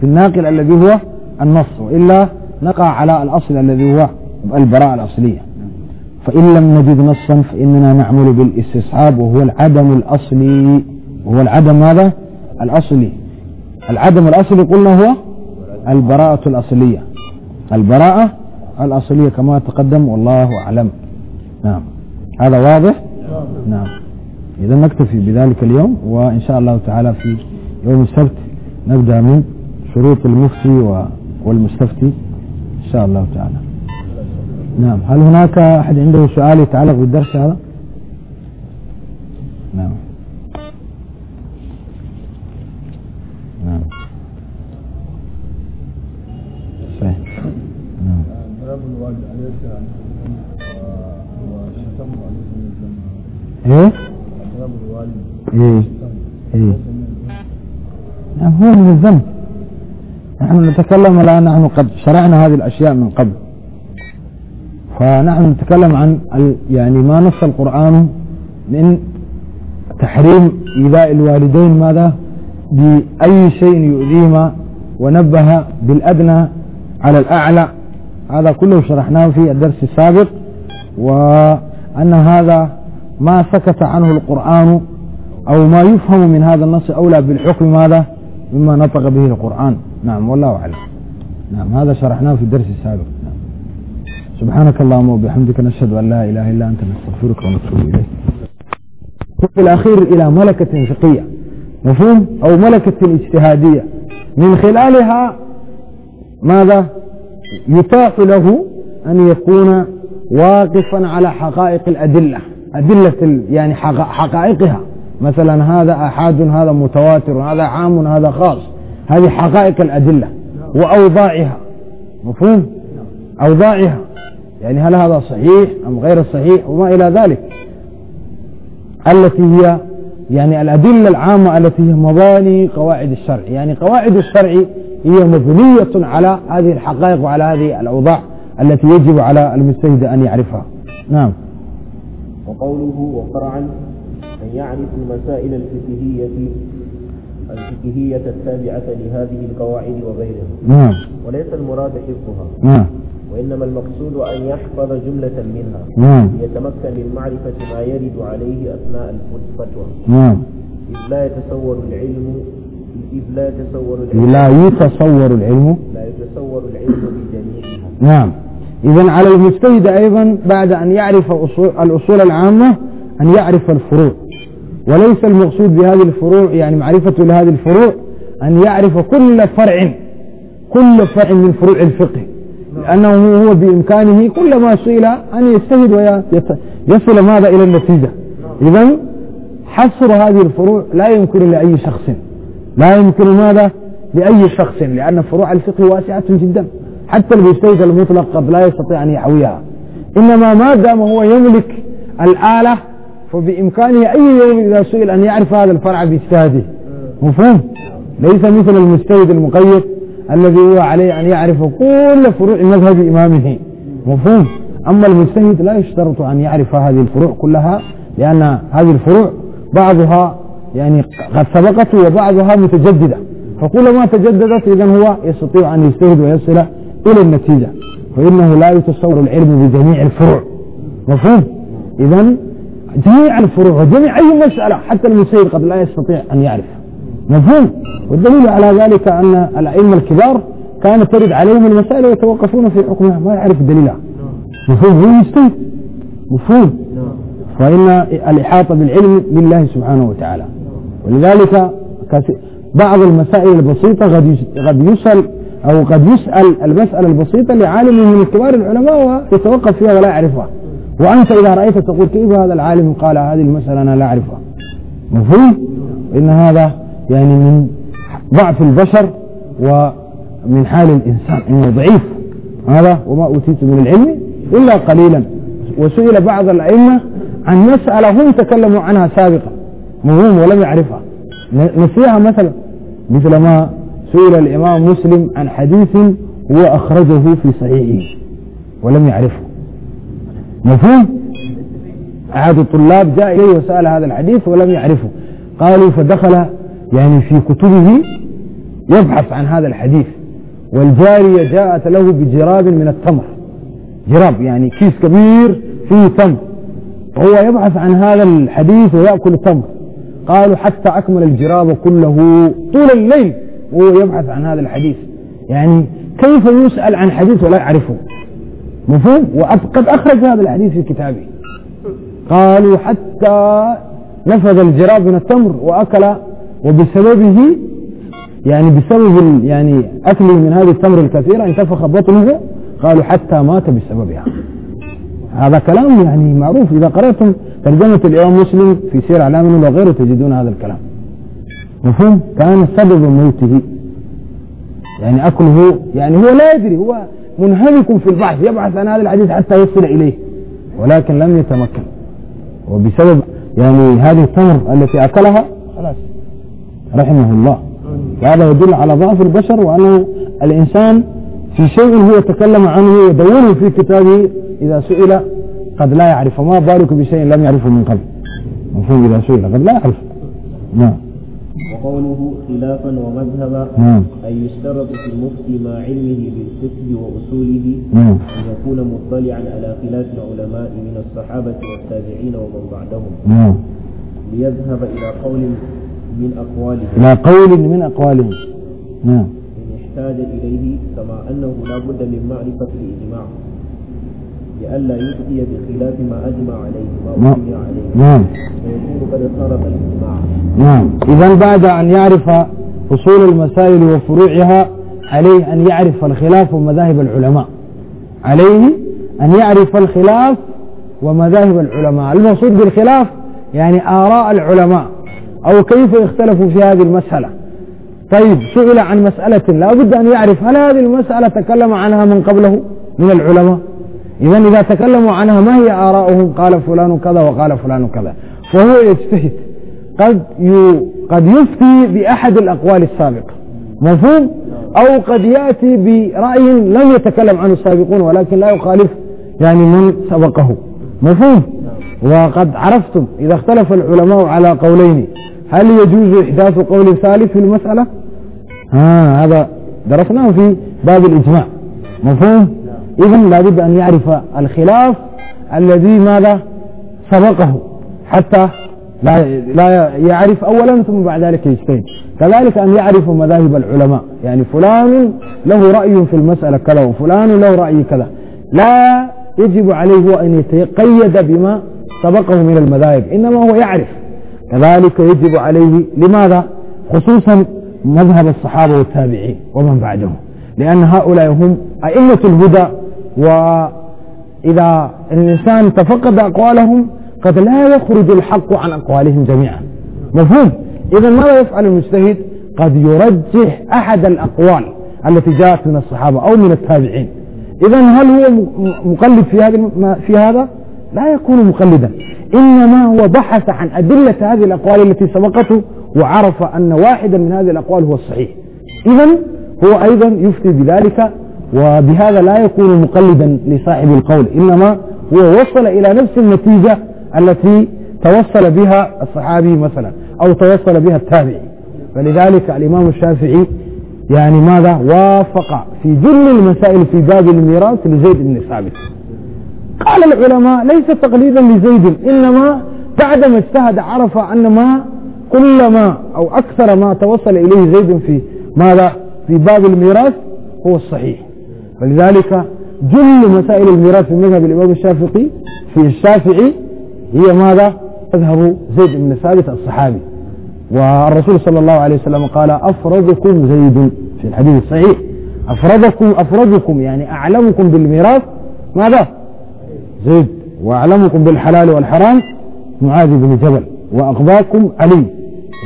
في الناقل الذي هو النص وإلا نقع على الأصل الذي هو البراءة الأصلية فإن لم نجد نصا فإننا نعمل بالاستصحاب وهو العدم الأصلي وهو العدم ماذا الأصلي العدم الأصلي قلنا هو البراءة الأصلية البراءة الأصلية كما تقدم والله أعلم نعم هذا واضح نعم إذا نكتفي بذلك اليوم وإن شاء الله تعالى في يوم السبت نبدأ من شروط المفتي والمستفتي إن شاء الله تعالى نعم هل هناك أحد عنده سؤال يتعلق بالدرس هذا نعم ايه ايه ايه نعم هو من الذنب نحن نتكلم الآن نحن قد شرعنا هذه الأشياء من قبل فنحن نتكلم عن يعني ما نص القرآن من تحريم إيذاء الوالدين ماذا بأي شيء يؤذيهما ونبه بالأدنى على الأعلى هذا كله شرحناه في الدرس السابق وأن هذا ما سكت عنه القرآن أو ما يفهم من هذا النص أولى بالحكم ماذا مما نطق به القرآن نعم والله أعلم نعم هذا شرحناه في الدرس السابق نعم. سبحانك اللهم وبحمدك نشهد أن لا إله إلا أنت نستغفرك ونتوب إليك في الأخير إلى ملكة فقهية مفهوم أو ملكة اجتهادية من خلالها ماذا يتاح له أن يكون واقفا على حقائق الأدلة أدلة يعني حقائقها مثلا هذا أحاد هذا متواتر هذا عام هذا خاص هذه حقائق الأدلة وأوضاعها مفهوم أوضاعها يعني هل هذا صحيح أم غير صحيح وما إلى ذلك التي هي يعني الأدلة العامة التي هي مباني قواعد الشرع يعني قواعد الشرع هي مبنية على هذه الحقائق وعلى هذه الأوضاع التي يجب على المستهد أن يعرفها نعم وقوله وفرعا أن يعرف المسائل الفقهية الفقهية التابعة لهذه القواعد وغيرها نعم وليس المراد حفظها نعم وإنما المقصود أن يحفظ جملة منها نعم ليتمكن من معرفة ما يرد عليه أثناء الفتوى نعم إذ لا يتصور العلم إذ لا يتصور العلم لا يتصور العلم لا يتصور العلم بجميعها نعم إذا على المجتهد أيضا بعد أن يعرف الأصول العامة أن يعرف الفروع وليس المقصود بهذه الفروع يعني معرفة لهذه الفروع أن يعرف كل فرع كل فرع من فروع الفقه لأنه هو بإمكانه كل ما سئل أن يجتهد ويصل ماذا إلى النتيجة إذا حصر هذه الفروع لا يمكن لأي شخص لا يمكن ماذا لأي شخص لأن فروع الفقه واسعة جدا حتى البستيج المطلق قد لا يستطيع أن يحويها إنما ما دام هو يملك الآلة فبإمكانه أي يوم إذا سئل أن يعرف هذا الفرع باجتهاده مفهوم ليس مثل المجتهد المقيد الذي هو عليه أن يعرف كل فروع مذهب إمامه مفهوم أما المجتهد لا يشترط أن يعرف هذه الفروع كلها لأن هذه الفروع بعضها يعني قد سبقته وبعضها متجددة فكلما تجددت إذا هو يستطيع أن يجتهد ويصل إلى النتيجة فإنه لا يتصور العلم بجميع الفروع مفهوم إذا جميع الفروع وجميع أي مسألة حتى المسير قد لا يستطيع أن يعرف مفهوم والدليل على ذلك أن الأئمة الكبار كانت ترد عليهم المسائل ويتوقفون في حكمها ما يعرف دليلها مفهوم هو مستيت مفهوم فإن الإحاطة بالعلم لله سبحانه وتعالى ولذلك بعض المسائل البسيطة قد يسأل أو قد يسأل المسألة البسيطة لعالم من كبار العلماء ويتوقف فيها ولا يعرفها وأنت إذا رأيت تقول كيف هذا العالم قال هذه المسألة أنا لا أعرفها مفهوم إن هذا يعني من ضعف البشر ومن حال الإنسان إنه ضعيف هذا وما أوتيت من العلم إلا قليلا وسئل بعض الأئمة عن مسألة هم تكلموا عنها سابقا مهم ولم يعرفها نسيها مثلا مثل ما سئل الإمام مسلم عن حديث هو أخرجه في صحيحه ولم يعرفه مفهوم أحد الطلاب جاء إليه وسأل هذا الحديث ولم يعرفه قالوا فدخل يعني في كتبه يبحث عن هذا الحديث والجارية جاءت له بجراب من التمر جراب يعني كيس كبير فيه تمر هو يبحث عن هذا الحديث ويأكل التمر قالوا حتى أكمل الجراب كله طول الليل وهو يبحث عن هذا الحديث يعني كيف يسأل عن حديث ولا يعرفه مفهوم وقد أخرج هذا الحديث في كتابه قالوا حتى نفذ الجراب من التمر وأكل وبسببه يعني بسبب يعني أكله من هذه التمر الكثيرة انتفخ بطنه قالوا حتى مات بسببها هذا كلام يعني معروف إذا قرأتم ترجمة الإمام مسلم في سير أعلام وغيره تجدون هذا الكلام مفهوم كان سبب موته يعني أكله يعني هو لا يدري هو منهمك في البحث يبحث عن هذا الحديث حتى يصل إليه ولكن لم يتمكن وبسبب يعني هذه التمر التي أكلها خلاص رحمه الله وهذا يدل على ضعف البشر وأنه الإنسان في شيء هو تكلم عنه ودونه في كتابه إذا سئل قد لا يعرف ما بالك بشيء لم يعرفه من قبل مفهوم إذا سئل قد لا يعرف نعم وقوله خلافا ومذهبا نعم أي يشترط في المفتي مع علمه بالفقه وأصوله نعم أن يكون مطلعا على خلاف العلماء من الصحابة والتابعين ومن بعدهم نعم ليذهب إلى قول من أقوالهم إلى قول من أقوالهم نعم إن احتاج إليه كما أنه لا بد من معرفة الإجماع لئلا يفتي بخلاف ما أجمع عليه ما أجمع نعم. عليه نعم. فيكون قد صرف الإجماع نعم إذا بعد أن يعرف أصول المسائل وفروعها عليه أن يعرف الخلاف ومذاهب العلماء عليه أن يعرف الخلاف ومذاهب العلماء المقصود بالخلاف يعني آراء العلماء أو كيف اختلفوا في هذه المسألة طيب سئل عن مسألة لا بد أن يعرف هل هذه المسألة تكلم عنها من قبله من العلماء إذا إذا تكلموا عنها ما هي آراؤهم قال فلان كذا وقال فلان كذا فهو يجتهد قد قد يفتي بأحد الأقوال السابقة مفهوم أو قد يأتي برأي لم يتكلم عنه السابقون ولكن لا يخالف يعني من سبقه مفهوم وقد عرفتم إذا اختلف العلماء على قولين هل يجوز إحداث قول ثالث في المسألة ها آه هذا درسناه في باب الإجماع مفهوم إذن لابد أن يعرف الخلاف الذي ماذا سبقه حتى لا لا يعرف أولا ثم بعد ذلك يجتهد كذلك أن يعرف مذاهب العلماء يعني فلان له رأي في المسألة كذا وفلان له رأي كذا لا يجب عليه هو أن يتقيد بما سبقه من المذاهب إنما هو يعرف كذلك يجب عليه لماذا خصوصا مذهب الصحابة والتابعين ومن بعدهم لأن هؤلاء هم أئمة الهدى وإذا الإنسان تفقد أقوالهم قد لا يخرج الحق عن أقوالهم جميعا مفهوم إذا ماذا يفعل المجتهد قد يرجح أحد الأقوال التي جاءت من الصحابة أو من التابعين إذا هل هو مقلد في هذا في هذا؟ لا يكون مقلدا إنما هو بحث عن أدلة هذه الأقوال التي سبقته وعرف أن واحدا من هذه الأقوال هو الصحيح إذا هو أيضا يفتي بذلك وبهذا لا يكون مقلدا لصاحب القول إنما هو وصل إلى نفس النتيجة التي توصل بها الصحابي مثلا أو توصل بها التابعي فلذلك الإمام الشافعي يعني ماذا وافق في جل المسائل في باب الميراث لزيد بن ثابت قال العلماء ليس تقليدا لزيد إنما بعدما اجتهد عرف أن ما كل ما أو أكثر ما توصل إليه زيد في ماذا في باب الميراث هو الصحيح ولذلك جل مسائل الميراث في مذهب الإمام الشافعي في الشافعي هي ماذا؟ مذهب زيد بن ثابت الصحابي والرسول صلى الله عليه وسلم قال أفرضكم زيد في الحديث الصحيح أفرضكم أفرضكم يعني أعلمكم بالميراث ماذا؟ زيد وأعلمكم بالحلال والحرام معاذ بن جبل وأقضاكم علي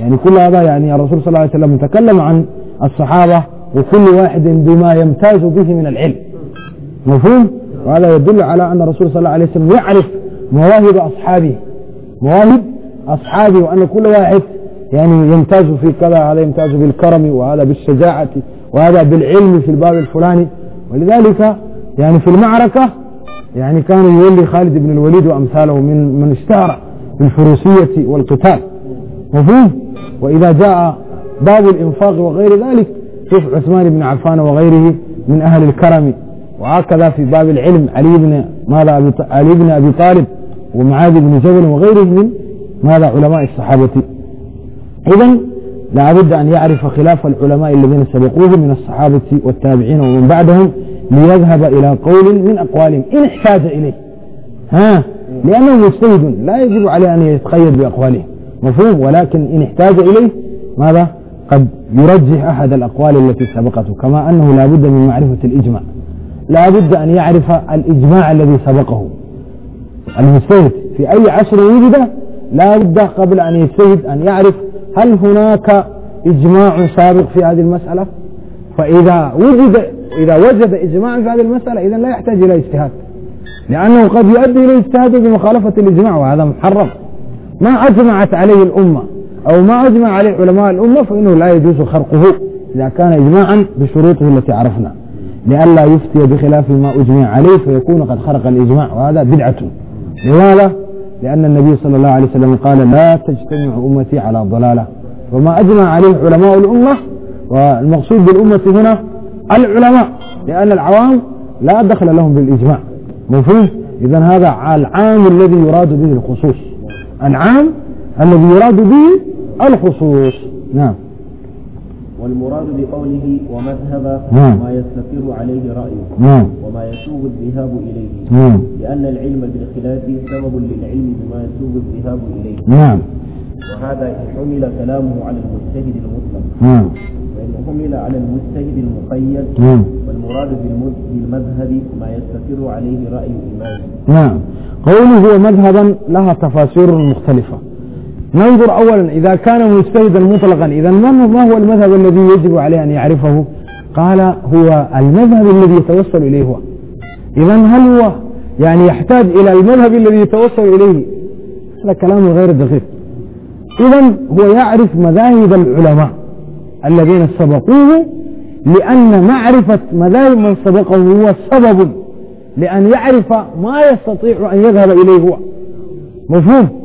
يعني كل هذا يعني الرسول صلى الله عليه وسلم تكلم عن الصحابة وكل واحد بما يمتاز به من العلم مفهوم وهذا يدل على أن الرسول صلى الله عليه وسلم يعرف مواهب أصحابه مواهب أصحابه وأن كل واحد يعني يمتاز في كذا هذا يمتاز بالكرم وهذا بالشجاعة وهذا بالعلم في الباب الفلاني ولذلك يعني في المعركة يعني كان يولي خالد بن الوليد وأمثاله من من اشتهر بالفروسية والقتال مفهوم وإذا جاء باب الإنفاق وغير ذلك شوف عثمان بن عفان وغيره من أهل الكرم وهكذا في باب العلم علي بن ماذا علي بن أبي طالب ومعاذ بن جبل وغيره من ماذا علماء الصحابة إذا لابد أن يعرف خلاف العلماء الذين سبقوه من الصحابة والتابعين ومن بعدهم ليذهب إلى قول من أقوالهم إن احتاج إليه ها لأنه مجتهد لا يجب عليه أن يتقيد بأقواله مفهوم ولكن إن احتاج إليه ماذا قد يرجح أحد الأقوال التي سبقته كما أنه لا بد من معرفة الإجماع لا بد أن يعرف الإجماع الذي سبقه المجتهد في أي عصر وجد لا بد قبل أن يجتهد أن يعرف هل هناك إجماع سابق في هذه المسألة فإذا وجد إذا وجد إجماعا في هذه المسألة إذا لا يحتاج إلى اجتهاد لأنه قد يؤدي إلى اجتهاد بمخالفة الإجماع وهذا محرم ما أجمعت عليه الأمة أو ما أجمع عليه علماء الأمة فإنه لا يجوز خرقه إذا كان إجماعا بشروطه التي عرفنا لئلا يفتي بخلاف ما أجمع عليه فيكون قد خرق الإجماع وهذا بدعة لماذا؟ لأن النبي صلى الله عليه وسلم قال لا تجتمع أمتي على ضلالة وما أجمع عليه علماء الأمة والمقصود بالأمة هنا العلماء لأن العوام لا دخل لهم بالإجماع مفهوم؟ إذا هذا العام الذي يراد به الخصوص العام الذي يراد به الخصوص نعم والمراد بقوله ومذهب نعم. ما يستقر عليه رأيه نعم. وما يسوغ الذهاب إليه نعم. لأن العلم بالخلاف سبب للعلم بما يسوغ الذهاب إليه نعم. وهذا إن حمل كلامه على المجتهد المطلق نعم. وإن حمل على المجتهد المقيد نعم. والمراد بالمذهب ما يستقر عليه رأي الإمام نعم قوله ومذهبا لها تفاسير مختلفة ننظر أولا إذا كان مجتهدا مطلقا إذا ما هو المذهب الذي يجب عليه أن يعرفه قال هو المذهب الذي يتوصل إليه هو إذا هل هو يعني يحتاج إلى المذهب الذي يتوصل إليه هذا كلام غير دقيق إذا هو يعرف مذاهب العلماء الذين سبقوه لأن معرفة مذاهب من سبقه هو سبب لأن يعرف ما يستطيع أن يذهب إليه هو مفهوم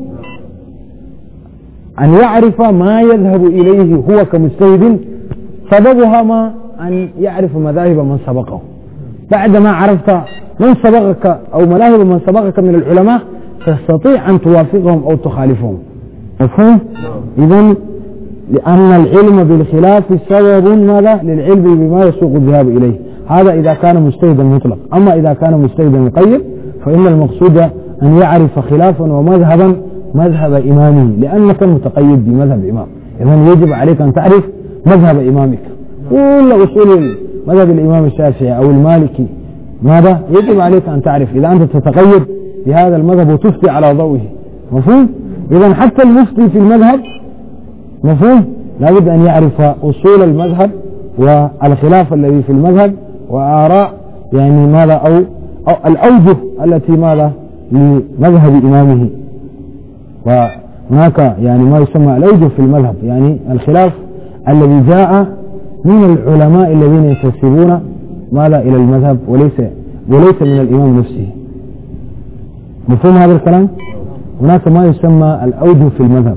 أن يعرف ما يذهب إليه هو كمجتهد سببها ما أن يعرف مذاهب من سبقه بعدما عرفت من سبقك أو مذاهب من سبقك من العلماء تستطيع أن توافقهم أو تخالفهم مفهوم؟ نعم. إذا لأن العلم بالخلاف سبب ماذا؟ للعلم بما يسوق الذهاب إليه هذا إذا كان مجتهدا مطلق أما إذا كان مجتهدا مقيد طيب، فإن المقصود أن يعرف خلافا ومذهبا مذهب إمامه لأنك متقيد بمذهب إمام إذا يجب عليك أن تعرف مذهب إمامك كل أصول مذهب الإمام الشافعي أو المالكي ماذا يجب عليك أن تعرف إذا أنت تتقيد بهذا المذهب وتفتي على ضوئه مفهوم إذا حتى المفتي في المذهب مفهوم لابد أن يعرف أصول المذهب والخلاف الذي في المذهب وآراء يعني ماذا أو, أو الأوجه التي ماذا لمذهب إمامه وهناك يعني ما يسمى الأوجه في المذهب يعني الخلاف الذي جاء من العلماء الذين ينتسبون ماذا إلى المذهب وليس وليس من الإمام نفسه مفهوم هذا الكلام هناك ما يسمى الأوجه في المذهب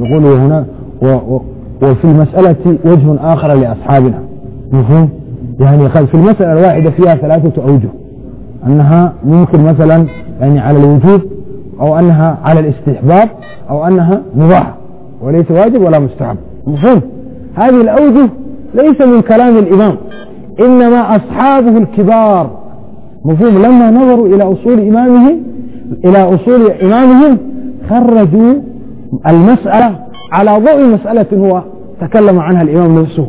يقول هنا و و وفي المسألة وجه آخر لأصحابنا مفهوم يعني في المسألة الواحدة فيها ثلاثة أوجه أنها ممكن مثلا يعني على الوجوب أو أنها على الاستحباب أو أنها مباحة وليس واجب ولا مستحب مفهوم هذه الأوجه ليس من كلام الإمام إنما أصحابه الكبار مفهوم لما نظروا إلى أصول إمامهم إلى أصول إمامهم خرجوا المسألة على ضوء مسألة هو تكلم عنها الإمام نفسه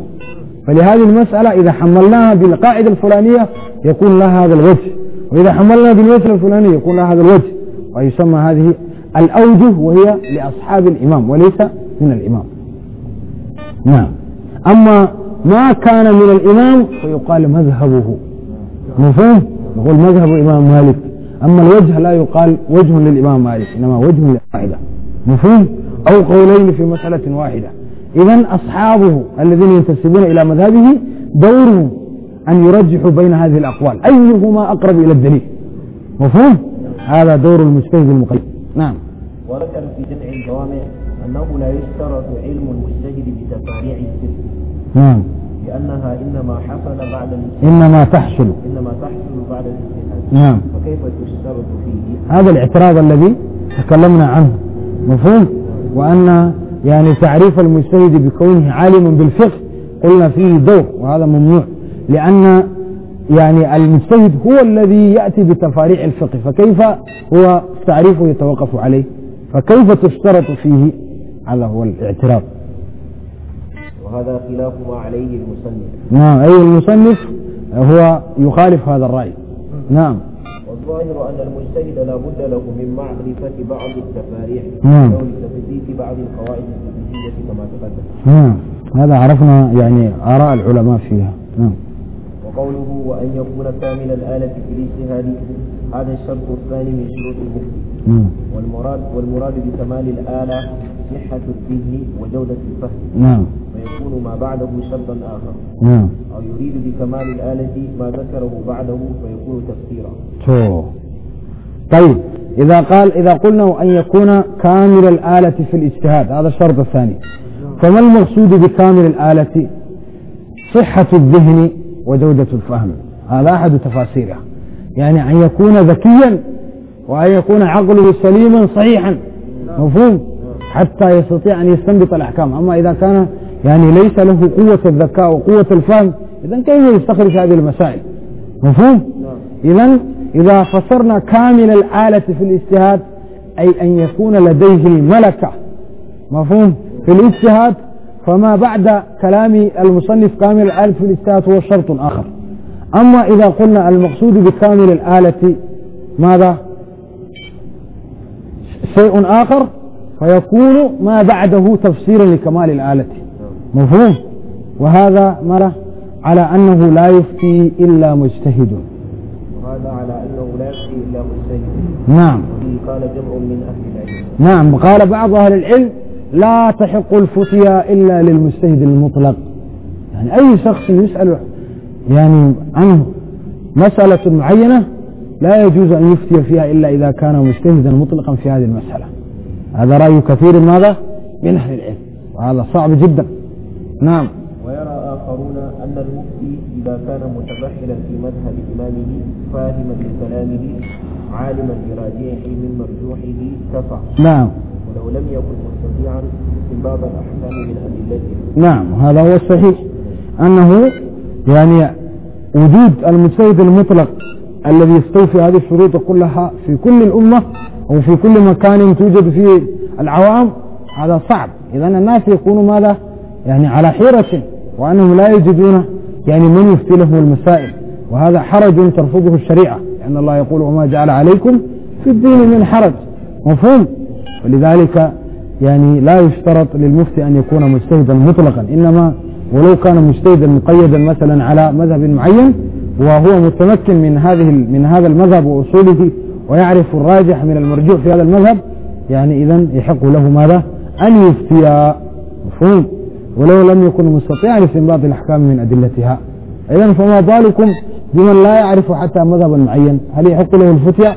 فلهذه المسألة إذا حملناها بالقاعدة الفلانية يكون لها هذا الوجه وإذا حملنا بالوجه الفلاني يكون لها هذا الوجه ويسمى هذه الأوجه وهي لأصحاب الإمام وليس من الإمام نعم أما ما كان من الإمام فيقال مذهبه مفهوم نقول مذهب الإمام مالك أما الوجه لا يقال وجه للإمام مالك إنما وجه للقاعدة مفهوم أو قولين في مسألة واحدة إذا أصحابه الذين ينتسبون إلى مذهبه دورهم أن يرجحوا بين هذه الأقوال أيهما أقرب إلى الدليل مفهوم هذا دور المجتهد المقيد نعم وذكر في جمع الجوامع أنه لا يشترط علم المجتهد بتفاريع السر نعم لأنها إنما حصل بعد الاجتهاد إنما تحصل إنما تحصل بعد الاجتهاد نعم فكيف تشترط فيه هذا الاعتراض الذي تكلمنا عنه مفهوم وأن يعني تعريف المجتهد بكونه عالم بالفقه قلنا فيه دور وهذا ممنوع لأن يعني المجتهد هو الذي يأتي بتفاريع الفقه فكيف هو تعريفه يتوقف عليه فكيف تشترط فيه هذا هو الاعتراض وهذا خلاف ما عليه المصنف نعم أي المصنف هو يخالف هذا الرأي نعم والظاهر أن المجتهد لا بد له من معرفة بعض التفاريع نعم وتثبيت بعض القواعد الفقهية كما تقدم نعم هذا عرفنا يعني آراء العلماء فيها نعم قوله وأن يكون كامل الآلة في الاجتهاد هذا الشرط الثاني من شروط المفتي والمراد والمراد بكمال الآلة صحة الذهن وجودة الفهم نعم فيكون ما بعده شرطا آخر نعم أو يريد بكمال الآلة ما ذكره بعده فيكون تفسيرا طيب إذا قال إذا قلنا أن يكون كامل الآلة في الاجتهاد هذا الشرط الثاني فما المقصود بكامل الآلة صحة الذهن وجودة الفهم هذا أحد تفاسيره يعني أن يكون ذكيا وأن يكون عقله سليما صحيحا مفهوم حتى يستطيع أن يستنبط الأحكام أما إذا كان يعني ليس له قوة الذكاء وقوة الفهم إذا كيف يستخرج هذه المسائل مفهوم إذا إذا فسرنا كامل الآلة في الاجتهاد أي أن يكون لديه الملكة مفهوم في الاجتهاد فما بعد كلام المصنف كامل الآلة في الإثبات هو شرط آخر أما إذا قلنا المقصود بكامل الآلة ماذا شيء آخر فيكون ما بعده تفسيرا لكمال الآلة مفهوم وهذا مرة على أنه لا يفتي إلا مجتهد وهذا على أنه لا يفتي إلا مجتهد نعم قال جمع من أهل العلم نعم قال بعض أهل العلم لا تحق الفتيا إلا للمجتهد المطلق يعني أي شخص يسأل يعني عن مسألة معينة لا يجوز أن يفتي فيها إلا إذا كان مجتهدا مطلقا في هذه المسألة هذا رأي كثير ماذا من أهل العلم وهذا صعب جدا نعم ويرى آخرون أن المفتي إذا كان متبحرا في مذهب إمامه فاهما لكلامه عالما براجعه من مرجوحه كفى نعم ولو لم يكن مستطيعا من بعض الأحكام من أدلته نعم هذا هو الصحيح أنه يعني وجود المجتهد المطلق الذي يستوفي هذه الشروط كلها في كل الأمة أو في كل مكان توجد فيه العوام هذا صعب إذا الناس يكونوا ماذا يعني على حيرة وأنهم لا يجدون يعني من يفتي لهم المسائل وهذا حرج ترفضه الشريعة لأن يعني الله يقول وما جعل عليكم في الدين من حرج مفهوم ولذلك يعني لا يشترط للمفتي أن يكون مجتهدا مطلقا إنما ولو كان مجتهدا مقيدا مثلا على مذهب معين وهو متمكن من هذه من هذا المذهب وأصوله ويعرف الراجح من المرجوح في هذا المذهب يعني إذا يحق له ماذا أن يفتي مفهوم ولو لم يكن مستطيعا لاستنباط الأحكام من أدلتها إذا فما بالكم بمن لا يعرف حتى مذهبا معين هل يحق له الفتيا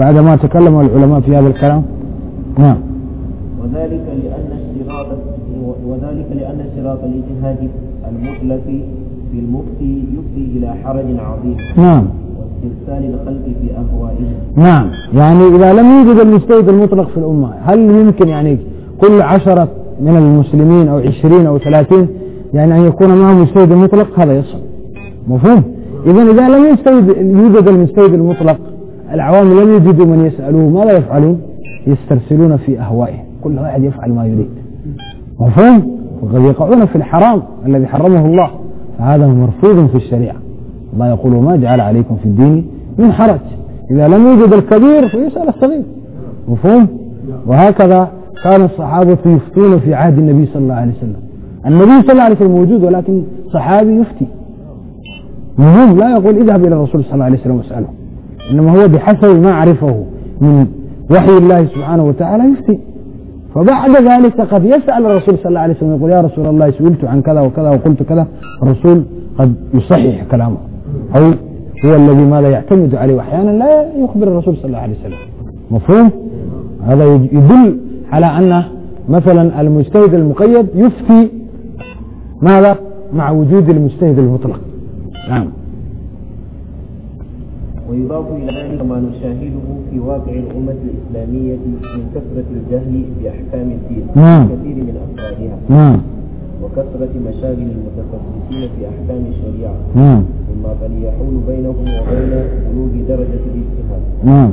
بعد ما تكلم العلماء في هذا الكلام نعم وذلك لأن اشتراط وذلك لأن اشتراط الاجتهاد المطلق في المفتي يفضي إلى حرج عظيم نعم واسترسال الخلق في أهوائهم نعم يعني إذا لم يوجد المجتهد المطلق في الأمة هل يمكن يعني كل عشرة من المسلمين أو عشرين أو ثلاثين يعني أن يكون معهم مجتهد مطلق هذا يصعب مفهوم إذا إذا لم يوجد المجتهد المطلق العوام لم يجدوا من يسألوه ماذا يفعلون يسترسلون في أهوائهم كل واحد يفعل ما يريد مفهوم وقد يقعون في الحرام الذي حرمه الله فهذا مرفوض في الشريعة الله يقول ما جعل عليكم في الدين من حرج إذا لم يوجد الكبير فيسأل الصغير مفهوم وهكذا كان الصحابة يفتون في عهد النبي صلى الله عليه وسلم النبي صلى الله عليه وسلم موجود ولكن صحابي يفتي مهم لا يقول اذهب إلى الرسول صلى الله عليه وسلم واسأله إنما هو بحسب ما عرفه من وحي الله سبحانه وتعالى يفتي فبعد ذلك قد يسأل الرسول صلى الله عليه وسلم يقول يا رسول الله سئلت عن كذا وكذا وقلت كذا الرسول قد يصحح كلامه أو هو الذي ما لا يعتمد عليه وأحيانا لا يخبر الرسول صلى الله عليه وسلم مفهوم هذا يدل على أن مثلا المجتهد المقيد يفتي ماذا مع وجود المجتهد المطلق نعم ويضاف إلى ذلك ما نشاهده في واقع الأمة الإسلامية من كثرة الجهل بأحكام الدين كثير من أفرادها وكثرة مشاغل المتفلسفين في أحكام الشريعة مما قد يحول بينهم وبين بلوغ درجة الاجتهاد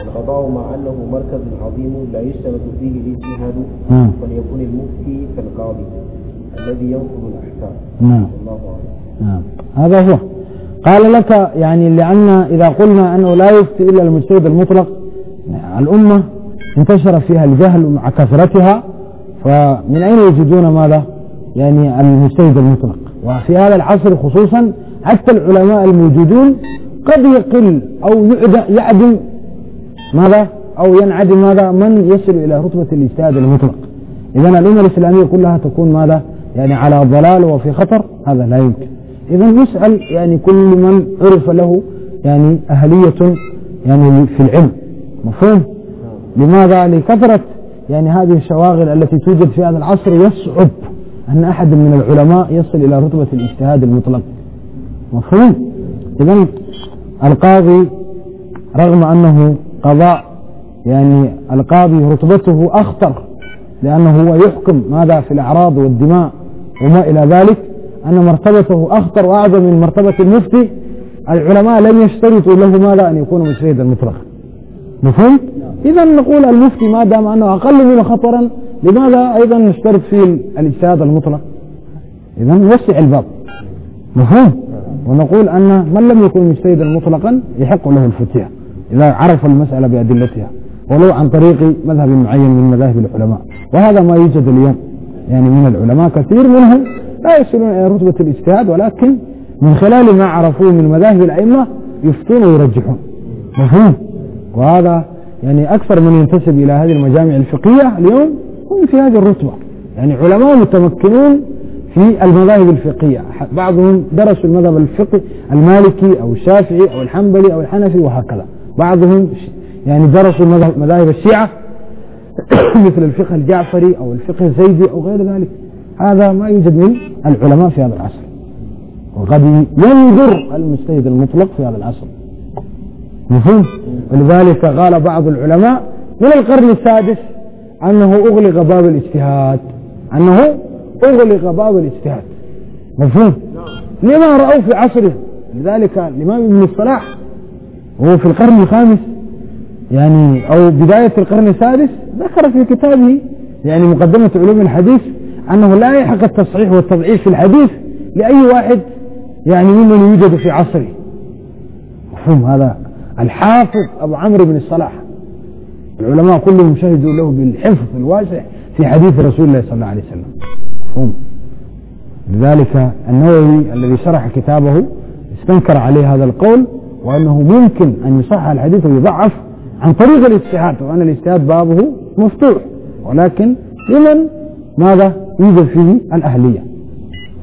والقضاء مع أنه مركز عظيم لا يشترط فيه الاجتهاد فليكن المفتي كالقاضي الذي ينقل الأحكام الله أعلم نعم. هذا هو قال لك يعني لأن إذا قلنا أنه لا يفتي إلا المجتهد المطلق يعني الأمة انتشر فيها الجهل مع كثرتها فمن أين يجدون ماذا يعني المجتهد المطلق وفي هذا العصر خصوصا حتى العلماء الموجودون قد يقل أو يعدم ماذا أو ينعدم ماذا من يصل إلى رتبة الاجتهاد المطلق إذا الأمة الإسلامية كلها تكون ماذا يعني على ضلال وفي خطر هذا لا يمكن إذا يسأل يعني كل من عرف له يعني أهلية يعني في العلم مفهوم لماذا لكثرة يعني هذه الشواغل التي توجد في هذا العصر يصعب أن أحد من العلماء يصل إلى رتبة الاجتهاد المطلق مفهوم إذا القاضي رغم أنه قضاء يعني القاضي رتبته أخطر لأنه هو يحكم ماذا في الأعراض والدماء وما إلى ذلك أن مرتبته أخطر وأعظم من مرتبة المفتي العلماء لم يشترطوا له ماذا أن يكون مجتهدا مطلقا مفهوم؟ إذا نقول المفتي ما دام أنه أقل منه خطرا لماذا أيضا نشترط فيه الاجتهاد المطلق إذا نوسع الباب مفهوم؟ ونقول أن من لم يكن مجتهدا مطلقا يحق له الفتية إذا عرف المسألة بأدلتها ولو عن طريق مذهب معين من مذاهب العلماء وهذا ما يوجد اليوم يعني من العلماء كثير منهم لا يصلون إلى رتبة الاجتهاد ولكن من خلال ما عرفوه من مذاهب الأئمة يفتون ويرجحون مفهوم وهذا يعني أكثر من ينتسب إلى هذه المجامع الفقهية اليوم هم في هذه الرتبة يعني علماء متمكنون في المذاهب الفقهية بعضهم درسوا المذهب الفقهي المالكي أو الشافعي أو الحنبلي أو الحنفي وهكذا بعضهم يعني درسوا مذاهب الشيعة مثل الفقه الجعفري أو الفقه الزيدي أو غير ذلك هذا ما يوجد من العلماء في هذا العصر وقد ينظر المجتهد المطلق في هذا العصر مفهوم ولذلك قال بعض العلماء من القرن السادس أنه أغلق باب الاجتهاد أنه أغلق باب الاجتهاد مفهوم لما رأوا في عصره لذلك الإمام ابن الصلاح وهو في القرن الخامس يعني أو بداية القرن السادس ذكر في كتابه يعني مقدمة علوم الحديث أنه لا يحق التصحيح والتضعيف في الحديث لأي واحد يعني ممن يوجد في عصره مفهوم هذا الحافظ أبو عمرو بن الصلاح العلماء كلهم شهدوا له بالحفظ الواسع في حديث رسول الله صلى الله عليه وسلم مفهوم لذلك النووي الذي شرح كتابه استنكر عليه هذا القول وأنه ممكن أن يصح الحديث ويضعف عن طريق الاجتهاد وأن الاجتهاد بابه مفتوح ولكن لمن ماذا يوجد فيه الأهلية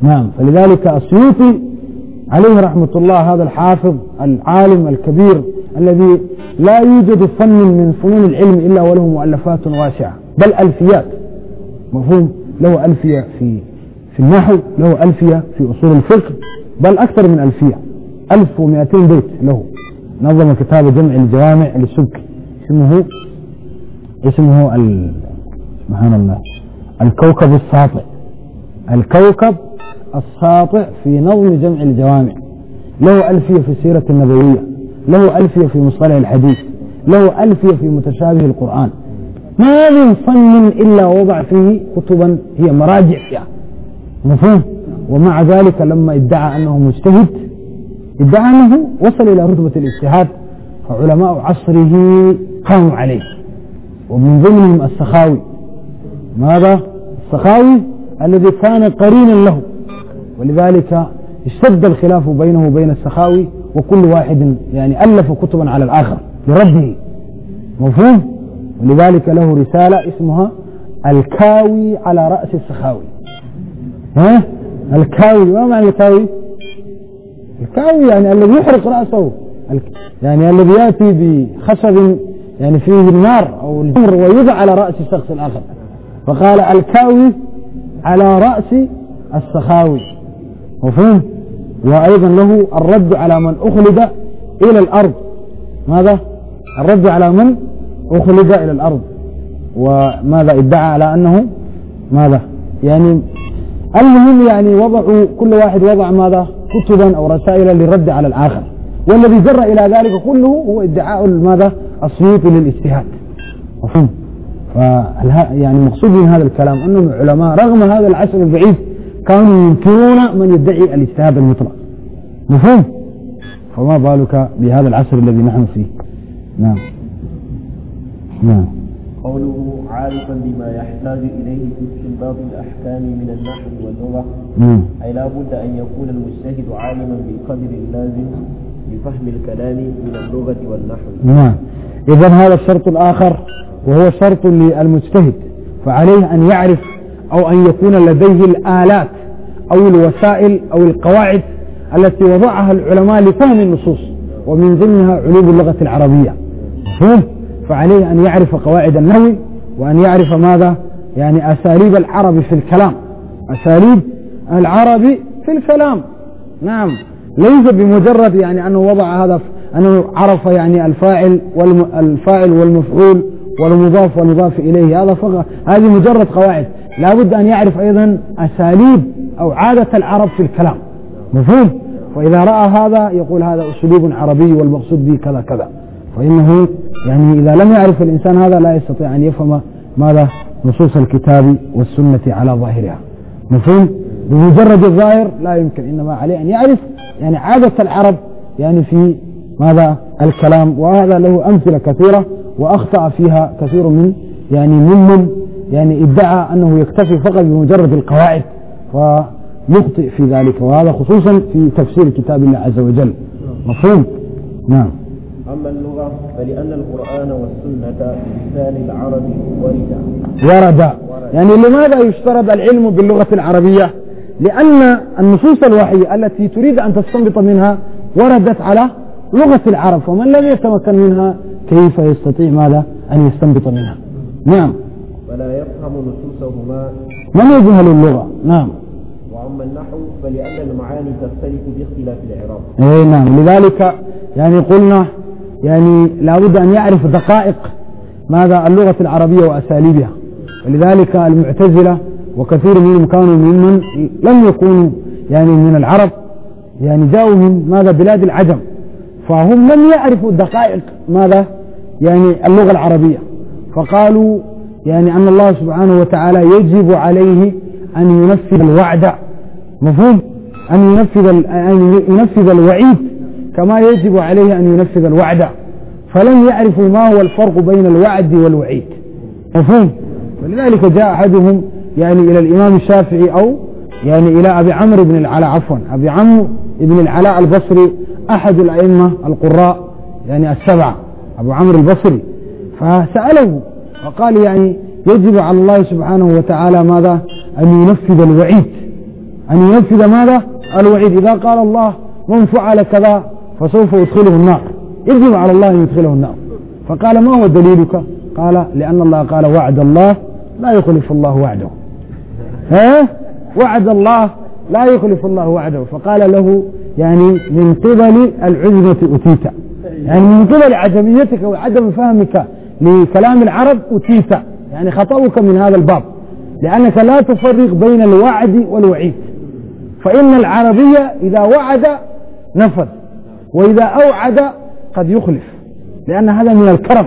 نعم فلذلك السيوطي عليه رحمة الله هذا الحافظ العالم الكبير الذي لا يوجد فن من فنون العلم إلا وله مؤلفات واسعة بل ألفيات مفهوم له ألفية في في النحو له ألفية في أصول الفقه بل أكثر من ألفية 1200 بيت له نظم كتاب جمع الجوامع للسبكي اسمه اسمه ال... سبحان الله الكوكب الساطع الكوكب الساطع في نظم جمع الجوامع له ألفية في السيرة النبوية له ألفية في مصطلح الحديث له ألفية في متشابه القرآن ما من فن إلا وضع فيه كتبا هي مراجع فيها مفهوم ومع ذلك لما ادعى أنه مجتهد ادعى أنه وصل إلى رتبة الاجتهاد فعلماء عصره قاموا عليه ومن ضمنهم السخاوي ماذا السخاوي الذي كان قرينا له ولذلك اشتد الخلاف بينه وبين السخاوي وكل واحد يعني ألف كتبا على الآخر لرده مفهوم ولذلك له رسالة اسمها الكاوي على رأس السخاوي ها الكاوي ما معنى الكاوي الكاوي يعني الذي يحرق رأسه يعني الذي يأتي بخشب يعني فيه النار أو الجمر ويوضع على رأس الشخص الآخر فقال الكاوي على رأس السخاوي مفهوم وأيضا له الرد على من أخلد إلى الأرض ماذا الرد على من أخلد إلى الأرض وماذا ادعى على أنه ماذا يعني المهم يعني وضعوا كل واحد وضع ماذا كتبا أو رسائل للرد على الآخر والذي جر إلى ذلك كله هو ادعاء ماذا السيوطي للاجتهاد مفهوم يعني مقصود من هذا الكلام أن العلماء رغم هذا العصر الضعيف كانوا ينكرون من يدعي الاجتهاد المطلق مفهوم فما بالك بهذا العصر الذي نحن فيه نعم نعم قوله عارفا بما يحتاج إليه في استنباط الأحكام من النحو واللغة نعم. أي لا بد أن يكون المجتهد عالما بالقدر اللازم لفهم الكلام من اللغة والنحو نعم إذا هذا الشرط الآخر وهو شرط للمجتهد فعليه أن يعرف أو أن يكون لديه الآلات أو الوسائل أو القواعد التي وضعها العلماء لفهم النصوص ومن ضمنها علوم اللغة العربية فعليه أن يعرف قواعد النوي وأن يعرف ماذا يعني أساليب العرب في الكلام أساليب العرب في الكلام نعم ليس بمجرد يعني أنه وضع هذا أنه عرف يعني الفاعل والفاعل والمفعول والمضاف والمضاف إليه هذا فقط هذه مجرد قواعد لابد أن يعرف أيضا أساليب أو عادة العرب في الكلام مفهوم فإذا رأى هذا يقول هذا أسلوب عربي والمقصود به كذا كذا فإنه يعني إذا لم يعرف الإنسان هذا لا يستطيع أن يفهم ماذا نصوص الكتاب والسنة على ظاهرها مفهوم بمجرد الظاهر لا يمكن إنما عليه أن يعرف يعني عادة العرب يعني في ماذا الكلام وهذا له أمثلة كثيرة وأخطأ فيها كثير من يعني ممن يعني ادعى أنه يكتفي فقط بمجرد القواعد ويخطئ في ذلك وهذا خصوصا في تفسير كتاب الله عز وجل مفهوم نعم أما اللغة فلأن القرآن والسنة بلسان العرب ورد ورد يعني لماذا يشترط العلم باللغة العربية لأن النصوص الوحية التي تريد أن تستنبط منها وردت على لغة العرب فمن لم يتمكن منها كيف يستطيع ماذا أن يستنبط منها نعم فلا يفهم نصوصهما من يجهل اللغة نعم وأما النحو فلأن المعاني تختلف باختلاف الإعراب أي نعم لذلك يعني قلنا يعني لابد أن يعرف دقائق ماذا اللغة العربية وأساليبها ولذلك المعتزلة وكثير منهم كانوا ممن لم يكونوا يعني من العرب يعني جاءوا من ماذا بلاد العجم فهم لم يعرفوا دقائق ماذا يعني اللغة العربية فقالوا يعني أن الله سبحانه وتعالى يجب عليه أن ينفذ الوعد مفهوم أن ينفذ أن ينفذ الوعيد كما يجب عليه أن ينفذ الوعد فلم يعرفوا ما هو الفرق بين الوعد والوعيد مفهوم ولذلك جاء أحدهم يعني إلى الإمام الشافعي أو يعني إلى أبي عمرو بن العلاء عفوا أبي عمرو بن العلاء البصري أحد الأئمة القراء يعني السبعة أبو عمرو البصري فسأله وقال يعني يجب على الله سبحانه وتعالى ماذا أن ينفذ الوعيد أن ينفذ ماذا الوعيد إذا قال الله من فعل كذا فسوف يدخله النار يجب على الله أن يدخله النار فقال ما هو دليلك قال لأن الله قال وعد الله لا يخلف الله وعده ها وعد الله لا يخلف الله وعده فقال له يعني من قبل العزمة أتيت يعني من قبل عجميتك وعدم فهمك لكلام العرب أتيت يعني خطأك من هذا الباب لأنك لا تفرق بين الوعد والوعيد فإن العربية إذا وعد نفذ وإذا أوعد قد يخلف لأن هذا من الكرم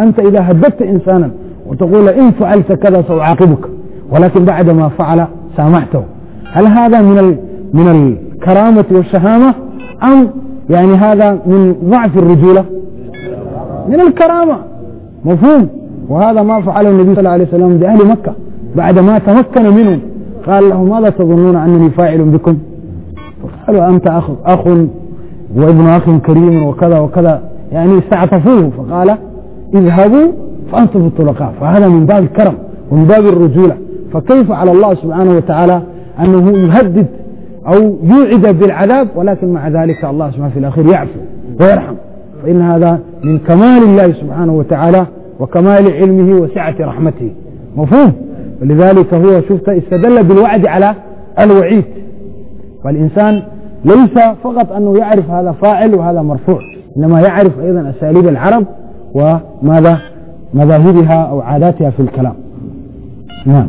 أنت إذا هددت إنسانا وتقول إن فعلت كذا سأعاقبك ولكن بعد ما فعل سامحته هل هذا من ال من ال الكرامة والشهامة أم يعني هذا من ضعف الرجولة من الكرامة مفهوم وهذا ما فعله النبي صلى الله عليه وسلم بأهل مكة بعد ما تمكن منهم قال لهم ماذا تظنون أنني فاعل بكم فقالوا أنت أخ, أخ وابن أخ كريم وكذا وكذا يعني استعطفوه فقال اذهبوا فأنتم الطلقاء فهذا من باب الكرم ومن باب الرجولة فكيف على الله سبحانه وتعالى أنه يهدد أو يوعد بالعذاب ولكن مع ذلك الله سبحانه في الأخير يعفو ويرحم فإن هذا من كمال الله سبحانه وتعالى وكمال علمه وسعة رحمته مفهوم ولذلك هو شفت استدل بالوعد على الوعيد فالإنسان ليس فقط أنه يعرف هذا فاعل وهذا مرفوع إنما يعرف أيضا أساليب العرب وماذا مذاهبها أو عاداتها في الكلام نعم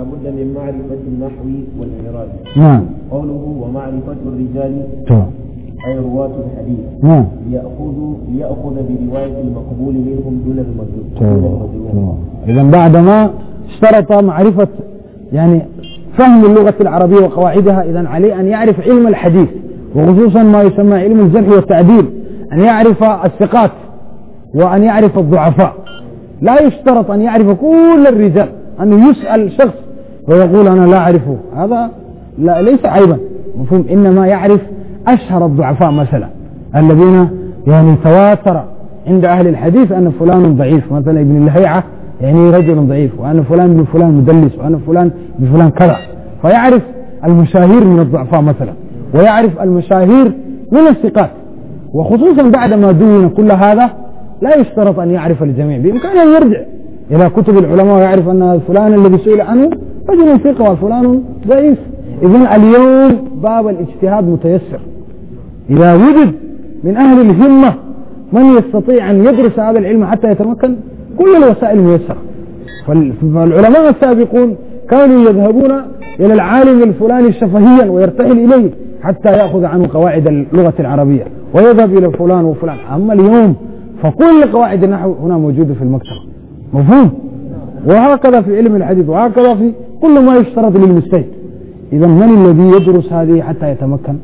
بد من معرفة النحو والإعراب نعم قوله ومعرفة الرجال طبعا. أي رواة الحديث نعم ليأخذ ليأخذ برواية المقبول منهم دون المجروح إذا بعدما اشترط معرفة يعني فهم اللغة العربية وقواعدها إذا عليه أن يعرف علم الحديث وخصوصا ما يسمى علم الجرح والتعديل أن يعرف الثقات وأن يعرف الضعفاء لا يشترط أن يعرف كل الرجال أنه يسأل شخص ويقول أنا لا أعرفه هذا لا ليس عيبا مفهوم إنما يعرف أشهر الضعفاء مثلا الذين يعني تواتر عند أهل الحديث أن فلان ضعيف مثلا ابن الهيعة يعني رجل ضعيف وأن فلان من فلان مدلس وأن فلان من فلان كذا فيعرف المشاهير من الضعفاء مثلا ويعرف المشاهير من الثقات وخصوصا بعد ما دون كل هذا لا يشترط أن يعرف الجميع بإمكانه أن يرجع إلى كتب العلماء ويعرف أن فلان الذي سئل عنه رجل ثقة وفلان ضعيف إذا اليوم باب الاجتهاد متيسر إذا وجد من أهل الهمة من يستطيع أن يدرس هذا العلم حتى يتمكن كل الوسائل ميسرة فالعلماء السابقون كانوا يذهبون إلى العالم الفلاني شفهيا ويرتحل إليه حتى يأخذ عنه قواعد اللغة العربية ويذهب إلى فلان وفلان أما اليوم فكل قواعد النحو هنا موجودة في المكتبة مفهوم وهكذا في علم الحديث وهكذا في كل ما يشترط للمستهد إذا من الذي يدرس هذه حتى يتمكن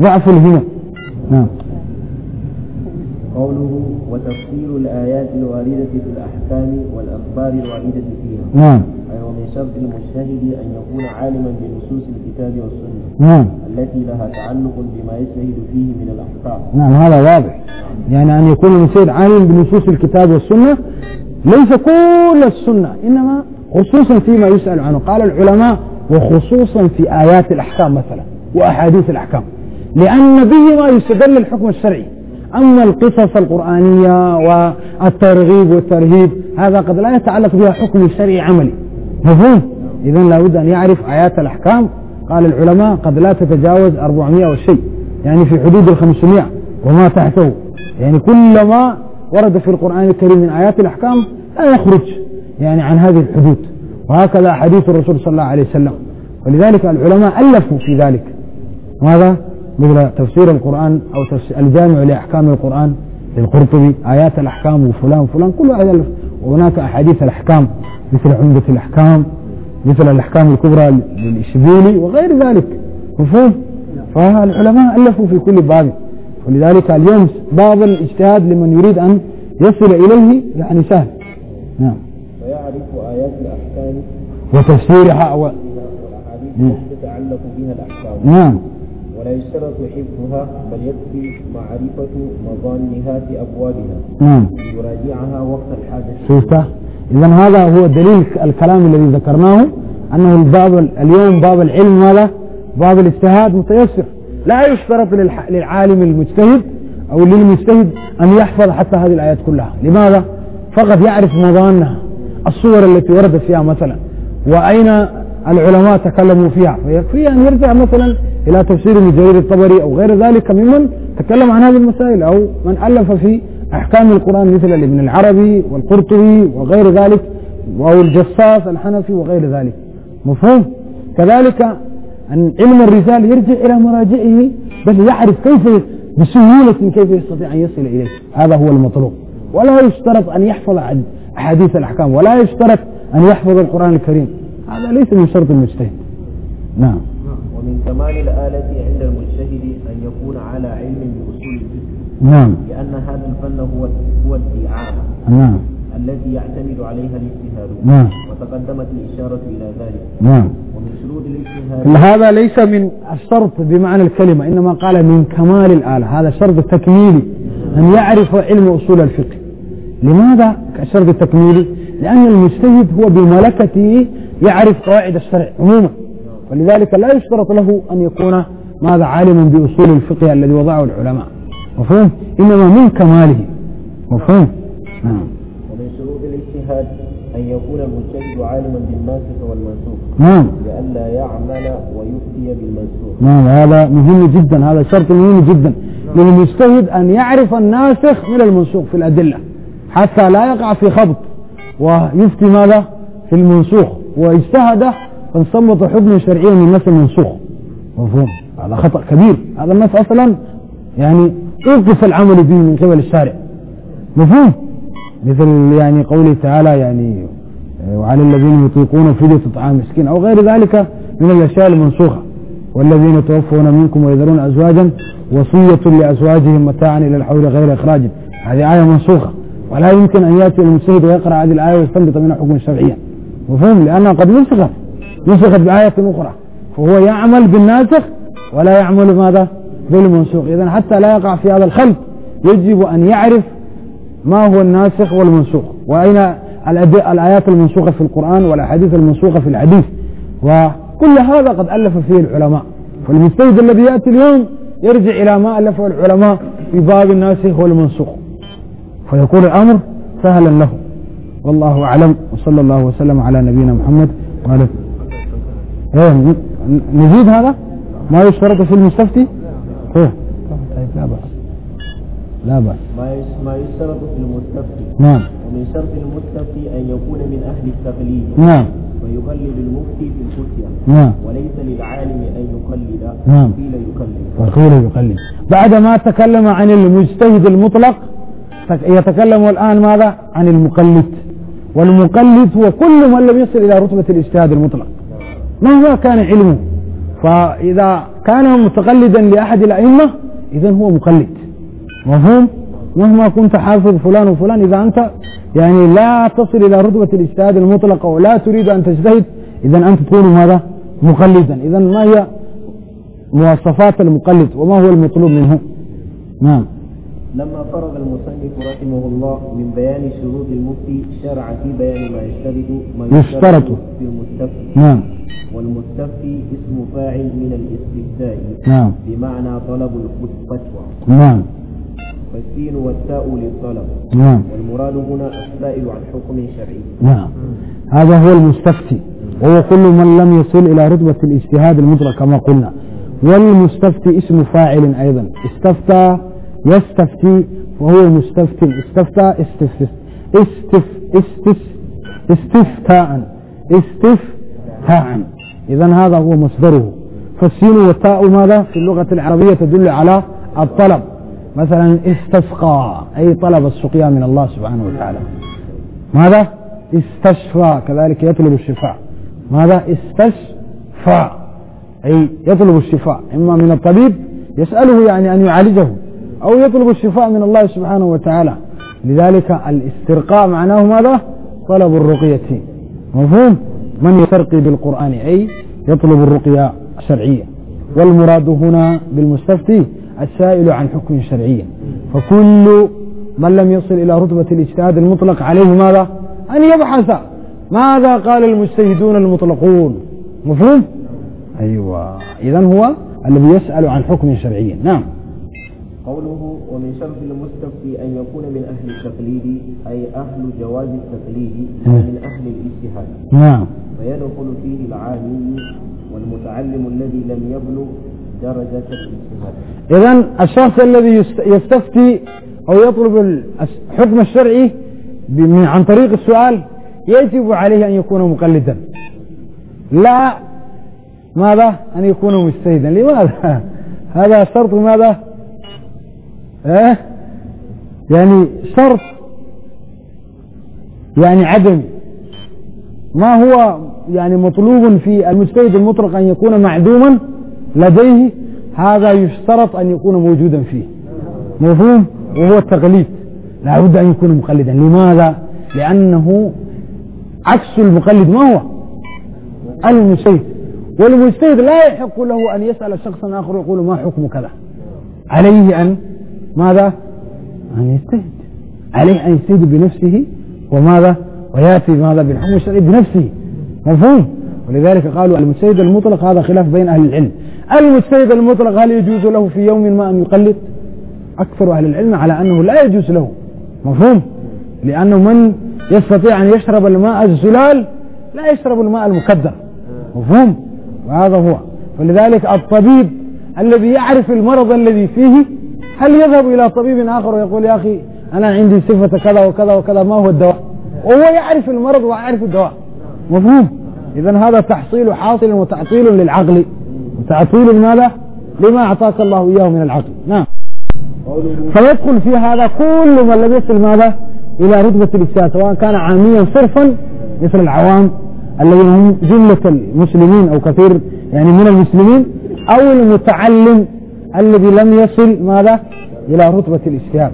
ضعف الهمة نعم قوله وتفصيل الآيات الواردة في الأحكام والأخبار الواردة فيها نعم أي ومن شرط المجتهد أن يكون عالما بنصوص الكتاب والسنة نعم التي لها تعلق بما يجتهد فيه من الأحكام نعم هذا واضح يعني أن يكون المجتهد عالما بنصوص الكتاب والسنة ليس كل السنة إنما خصوصا فيما يسأل عنه قال العلماء وخصوصا في آيات الأحكام مثلا وأحاديث الأحكام لأن به ما يستدل الحكم الشرعي أما القصص القرآنية والترغيب والترهيب هذا قد لا يتعلق بها حكم شرعي عملي مفهوم؟ إذا لابد أن يعرف آيات الأحكام قال العلماء قد لا تتجاوز 400 وشيء يعني في حدود ال 500 وما تحته يعني كلما ورد في القرآن الكريم من آيات الأحكام لا يخرج يعني عن هذه الحدود وهكذا حديث الرسول صلى الله عليه وسلم ولذلك العلماء ألفوا في ذلك ماذا؟ مثل تفسير القرآن أو الجامع لأحكام القرآن للقرطبي آيات الأحكام وفلان وفلان كل هذا ألف وهناك أحاديث الأحكام مثل عمدة الأحكام مثل الأحكام الكبرى للإشبيلي وغير ذلك مفهوم؟ فالعلماء ألفوا في كل باب ولذلك اليوم بعض الاجتهاد لمن يريد أن يصل إليه يعني سهل نعم ويعرف آيات الأحكام وتفسيرها و... نعم. تتعلق بها الأحكام نعم ولا يشترط حفظها بل يكفي معرفة مظانها في أبوابها نعم يراجعها وقت الحاجة شفته إذا هذا هو دليل الكلام الذي ذكرناه أنه بعض اليوم بعض العلم هذا بعض الاجتهاد متيسر لا يشترط للعالم المجتهد أو للمجتهد أن يحفظ حتى هذه الآيات كلها لماذا؟ فقط يعرف مضانها الصور التي وردت فيها مثلا وأين العلماء تكلموا فيها فيكفي أن يرجع مثلا إلى تفسير ابن جرير الطبري أو غير ذلك ممن تكلم عن هذه المسائل أو من ألف في أحكام القرآن مثل ابن العربي والقرطبي وغير ذلك أو الجصاص الحنفي وغير ذلك مفهوم كذلك أن علم الرجال يرجع إلى مراجعه بل يعرف كيف بسهولة كيف يستطيع أن يصل إليه هذا هو المطلوب ولا يشترط أن يحفظ عن أحاديث الأحكام ولا يشترط أن يحفظ القرآن الكريم هذا ليس من شرط المجتهد نعم, نعم. ومن كمال الآلة عند المجتهد أن يكون على علم بأصول الفقه نعم لأن هذا الفن هو هو الدعاء نعم الذي يعتمد عليها الاجتهاد نعم وتقدمت الإشارة إلى ذلك نعم هذا ليس من الشرط بمعنى الكلمة إنما قال من كمال الآلة هذا شرط تكميلي أن يعرف علم أصول الفقه لماذا كشرط تكميلي لأن المجتهد هو بملكته يعرف قواعد الشرع عموما ولذلك لا يشترط له أن يكون ماذا عالما بأصول الفقه الذي وضعه العلماء مفهوم إنما من كماله مفهوم نعم ومن شروط الاجتهاد أن يكون المجتهد عالما بالناسخ والمنسوخ نعم لئلا يعمل ويفتي بالمنسوخ نعم هذا مهم جدا هذا شرط مهم جدا نعم. للمجتهد أن يعرف الناسخ من المنسوخ في الأدلة حتى لا يقع في خبط ويفتي ماذا في المنسوخ واجتهد فانصمت حكم شرعيا من نفس المنسوخ مفهوم هذا خطأ كبير هذا الناس أصلا يعني اوقف العمل به من قبل الشارع مفهوم مثل يعني قوله تعالى يعني وعلى الذين يطيقون فدية طعام مسكين أو غير ذلك من الأشياء المنسوخة والذين يتوفون منكم ويذرون أزواجا وصية لأزواجهم متاعا إلى الحول غير إخراج هذه آية منسوخة ولا يمكن أن يأتي المسيد ويقرأ هذه الآية ويستنبط منها حكم الشرعية مفهوم لأنها قد نسخت نسخت بآية أخرى فهو يعمل بالناسخ ولا يعمل ماذا بالمنسوخ إذا حتى لا يقع في هذا الخلط يجب أن يعرف ما هو الناسخ والمنسوخ وأين الآيات المنسوخة في القرآن والأحاديث المنسوخة في الحديث وكل هذا قد ألف فيه العلماء فالمجتهد الذي يأتي اليوم يرجع إلى ما ألفه العلماء في باب الناس هو المنسوخ فيكون الأمر سهلا له والله أعلم وصلى الله وسلم على نبينا محمد وعلى إيه، نزيد هذا ما يشترط في المستفتي؟ لا إيه. طيب لا بأس لا بأس ما يشترط في المتقي نعم ومن شرط المتقي أن يكون من أهل التقليد نعم ويقلد المفتي في الفتية نعم وليس للعالم أن يقلد نعم قيل يقلد وقيل يقلد بعد ما تكلم عن المجتهد المطلق يتكلم الآن ماذا عن المقلد والمقلد هو كل من لم يصل إلى رتبة الاجتهاد المطلق مهما كان علمه فإذا كان متقلدا لأحد الأئمة إذا هو مقلد مفهوم مهما كنت حافظ فلان وفلان إذا أنت يعني لا تصل إلى رتبة الاجتهاد المطلقة ولا تريد أن تجتهد إذا أنت تكون ماذا مقلدا إذا ما هي مواصفات المقلد وما هو المطلوب منه نعم لما فرغ المصنف رحمه الله من بيان شروط المفتي شرع في بيان ما يشترط ما يشترط في المستفتي نعم والمستفتي اسم فاعل من الاستفتاء نعم بمعنى طلب الفتوى نعم فالسين والتاء للطلب نعم والمراد هنا السائل عن حكم شرعي نعم هذا هو المستفتي وهو كل من لم يصل إلى رتبة الاجتهاد المطلق كما قلنا والمستفتي اسم فاعل أيضا استفتى يستفتي وهو مستفتي استفتى استف استف استف استفتاء استفتاء إذا هذا هو مصدره فالسين والتاء ماذا في اللغة العربية تدل على الطلب مثلا استسقى أي طلب السقيا من الله سبحانه وتعالى ماذا استشفى كذلك يطلب الشفاء ماذا استشفى أي يطلب الشفاء إما من الطبيب يسأله يعني أن يعالجه أو يطلب الشفاء من الله سبحانه وتعالى لذلك الاسترقاء معناه ماذا طلب الرقية مفهوم من يسترقي بالقرآن أي يطلب الرقية الشرعية والمراد هنا بالمستفتي السائل عن حكم شرعي فكل من لم يصل إلى رتبة الاجتهاد المطلق عليه ماذا أن يبحث ماذا قال المجتهدون المطلقون مفهوم أيوة إذا هو الذي يسأل عن حكم شرعي نعم قوله ومن شرط المستفتي أن يكون من أهل التقليد أي أهل جواز التقليد نعم. من أهل الاجتهاد نعم فيدخل فيه العالم والمتعلم الذي لم يبلغ درجة إذا الشخص الذي يستفتي أو يطلب الحكم الشرعي عن طريق السؤال يجب عليه أن يكون مقلدا لا ماذا أن يكون مجتهدا لماذا هذا شرط ماذا أه؟ يعني شرط يعني عدم ما هو يعني مطلوب في المجتهد المطلق أن يكون معدوما لديه هذا يشترط أن يكون موجودا فيه مفهوم وهو التقليد لا بد أن يكون مقلدا لماذا لأنه عكس المقلد ما هو المجتهد والمجتهد لا يحق له أن يسأل شخصا آخر يقول ما حكم كذا عليه أن ماذا أن يجتهد عليه أن يجتهد بنفسه وماذا ويأتي ماذا بالحكم الشرعي بنفسه مفهوم ولذلك قالوا المجتهد المطلق هذا خلاف بين أهل العلم المجتهد المطلق هل يجوز له في يوم ما أن يقلد أكثر أهل العلم على أنه لا يجوز له مفهوم لأنه من يستطيع أن يشرب الماء الزلال لا يشرب الماء المكدر مفهوم وهذا هو فلذلك الطبيب الذي يعرف المرض الذي فيه هل يذهب إلى طبيب آخر ويقول يا أخي أنا عندي صفة كذا وكذا وكذا ما هو الدواء وهو يعرف المرض ويعرف الدواء مفهوم إذا هذا تحصيل حاصل وتعطيل للعقل تعطيل ماذا لما أعطاك الله إياه من العقل نعم فيدخل في هذا كل من لم يصل ماذا إلى رتبة الإسلام سواء كان عاميا صرفا مثل العوام الذين هم جملة المسلمين أو كثير يعني من المسلمين أو المتعلم الذي لم يصل ماذا إلى رتبة الاجتهاد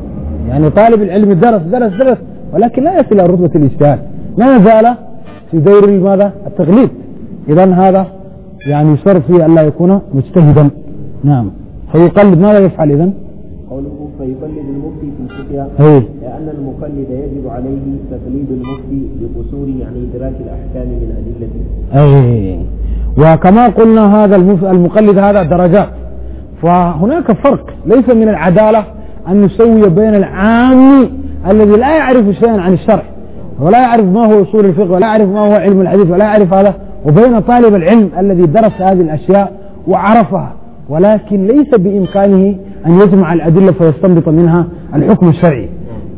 يعني طالب العلم درس درس درس ولكن لا يصل إلى رتبة الاجتهاد ما زال في دور ماذا التغليب إذا هذا يعني يشترط فيه ألا يكون مجتهدا نعم فيقلد ماذا يفعل إذا؟ قوله فيقلد المفتي في الفتيا إيه. لأن المقلد يجب عليه تقليد المفتي بقصور يعني إدراك الأحكام من أدلته أي وكما قلنا هذا المقلد هذا درجات فهناك فرق ليس من العدالة أن نسوي بين العام الذي لا يعرف شيئا عن الشرع ولا يعرف ما هو أصول الفقه ولا يعرف ما هو علم الحديث ولا يعرف هذا وبين طالب العلم الذي درس هذه الأشياء وعرفها ولكن ليس بإمكانه أن يجمع الأدلة فيستنبط منها الحكم الشرعي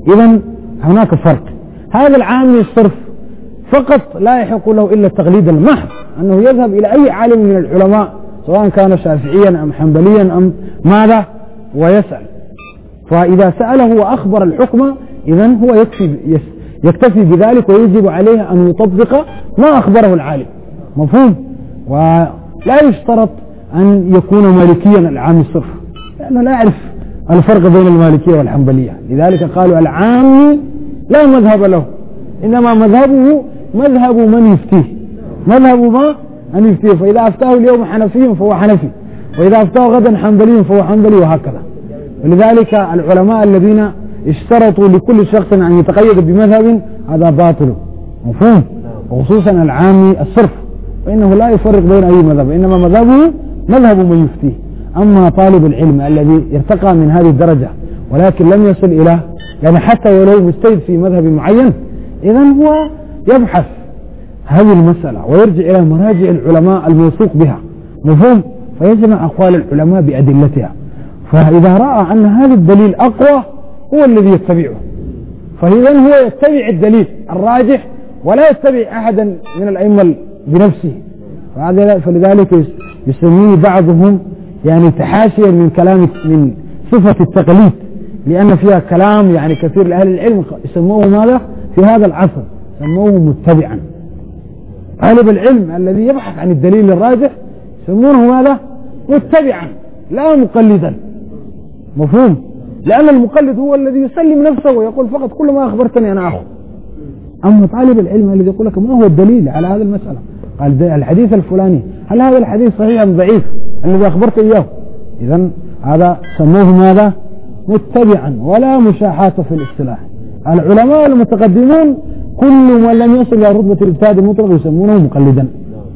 إذا هناك فرق هذا العام الصرف فقط لا يحق له إلا التقليد المحض أنه يذهب إلى أي عالم من العلماء سواء كان شافعيا أم حنبليا أم ماذا ويسأل فإذا سأله وأخبر الحكم إذا هو يكفي يكتفي بذلك ويجب عليه أن يطبق ما أخبره العالم مفهوم ولا يشترط أن يكون مالكيا العام الصرف لأنه لا يعرف الفرق بين المالكية والحنبلية لذلك قالوا العام لا مذهب له إنما مذهبه مذهب من يفتيه مذهب ما أن يفتيه فإذا أفتاه اليوم حنفي فهو حنفي وإذا أفتاه غدا حنبلي فهو حنبلي وهكذا ولذلك العلماء الذين اشترطوا لكل شخص أن يتقيد بمذهب هذا باطل مفهوم وخصوصا العامي الصرف فإنه لا يفرق بين أي مذهب إنما مذهبه مذهب من يفتيه أما طالب العلم الذي ارتقى من هذه الدرجة ولكن لم يصل إلى يعني حتى ولو مجتهد في مذهب معين إذا هو يبحث هذه المسألة ويرجع إلى مراجع العلماء الموثوق بها مفهوم فيجمع أقوال العلماء بأدلتها فإذا رأى أن هذا الدليل أقوى هو الذي يتبعه فإذا هو يتبع الدليل الراجح ولا يتبع أحدا من الأئمة بنفسه فلذلك يسميه بعضهم يعني تحاشيا من كلام من صفة التقليد لأن فيها كلام يعني كثير لأهل العلم يسموه ماذا في هذا العصر سموه متبعا طالب العلم الذي يبحث عن الدليل الراجح يسمونه ماذا متبعا لا مقلدا مفهوم لأن المقلد هو الذي يسلم نفسه ويقول فقط كل ما أخبرتني أنا أخذ أما طالب العلم الذي يقول لك ما هو الدليل على هذه المسألة قال الحديث الفلاني هل هذا الحديث صحيح أم ضعيف الذي أخبرت إياه إذا هذا سموه ماذا متبعا ولا مشاحاة في الاصطلاح العلماء المتقدمون كل من لم يصل إلى رتبة الابتداء المطلق يسمونه مقلدا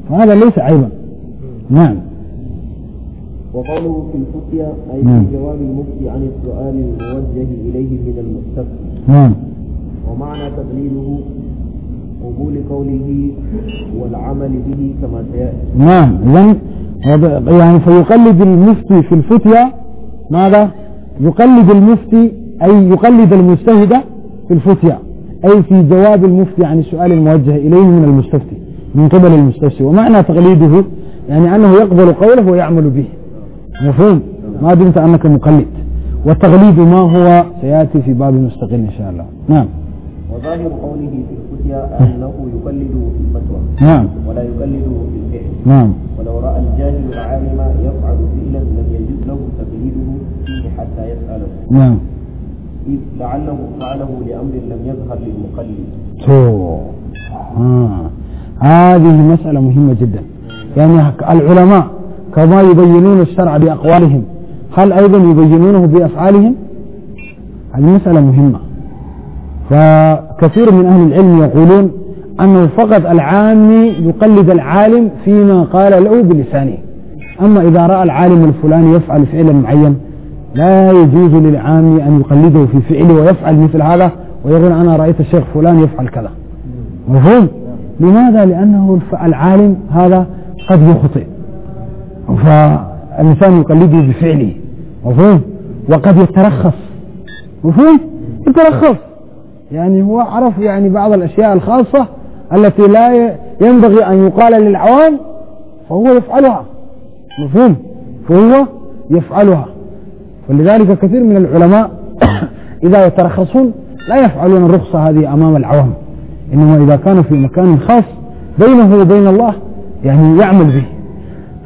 فهذا ليس عيبا نعم وقوله في الفتيا أي في نعم. جواب المفتي عن السؤال الموجه إليه من المستفتي نعم. ومعنى تدليله قبول قوله والعمل به كما سيأتي نعم إذن يعني فيقلد المفتي في الفتيا ماذا؟ يقلد المفتي أي يقلد المجتهد في الفتيا أي في جواب المفتي عن السؤال الموجه إليه من المستفتي من قبل المستفتي ومعنى تقليده يعني أنه يقبل قوله ويعمل به مفهوم ما دمت أنك مقلد والتغليد ما هو سيأتي في باب مستقل إن شاء الله نعم وظاهر قوله في الفتيا أنه يقلد في الفتوى نعم ولا يقلد في الفعل نعم ولو رأى الجاهل العالم يفعل فعلا لم يجد له تقليده فيه حتى يسأله نعم إذ لعله فعله لأمر لم يظهر للمقلد آه. هذه مسألة مهمة جدا يعني العلماء كما يبينون الشرع بأقوالهم هل أيضا يبينونه بأفعالهم هذه مسألة مهمة فكثير من أهل العلم يقولون أنه فقط العامي يقلد العالم فيما قال له بلسانه أما إذا رأى العالم الفلاني يفعل فعلا معين لا يجوز للعامي أن يقلده في فعله ويفعل مثل هذا ويقول أنا رأيت الشيخ فلان يفعل كذا مفهوم لماذا لأنه العالم هذا قد يخطئ فالإنسان يقلده بفعله مفهوم وقد يترخص مفهوم يترخص يعني هو عرف يعني بعض الأشياء الخاصة التي لا ينبغي أن يقال للعوام فهو يفعلها مفهوم فهو يفعلها ولذلك كثير من العلماء إذا يترخصون لا يفعلون الرخصة هذه أمام العوام إنما إذا كانوا في مكان خاص بينه وبين الله يعني يعمل به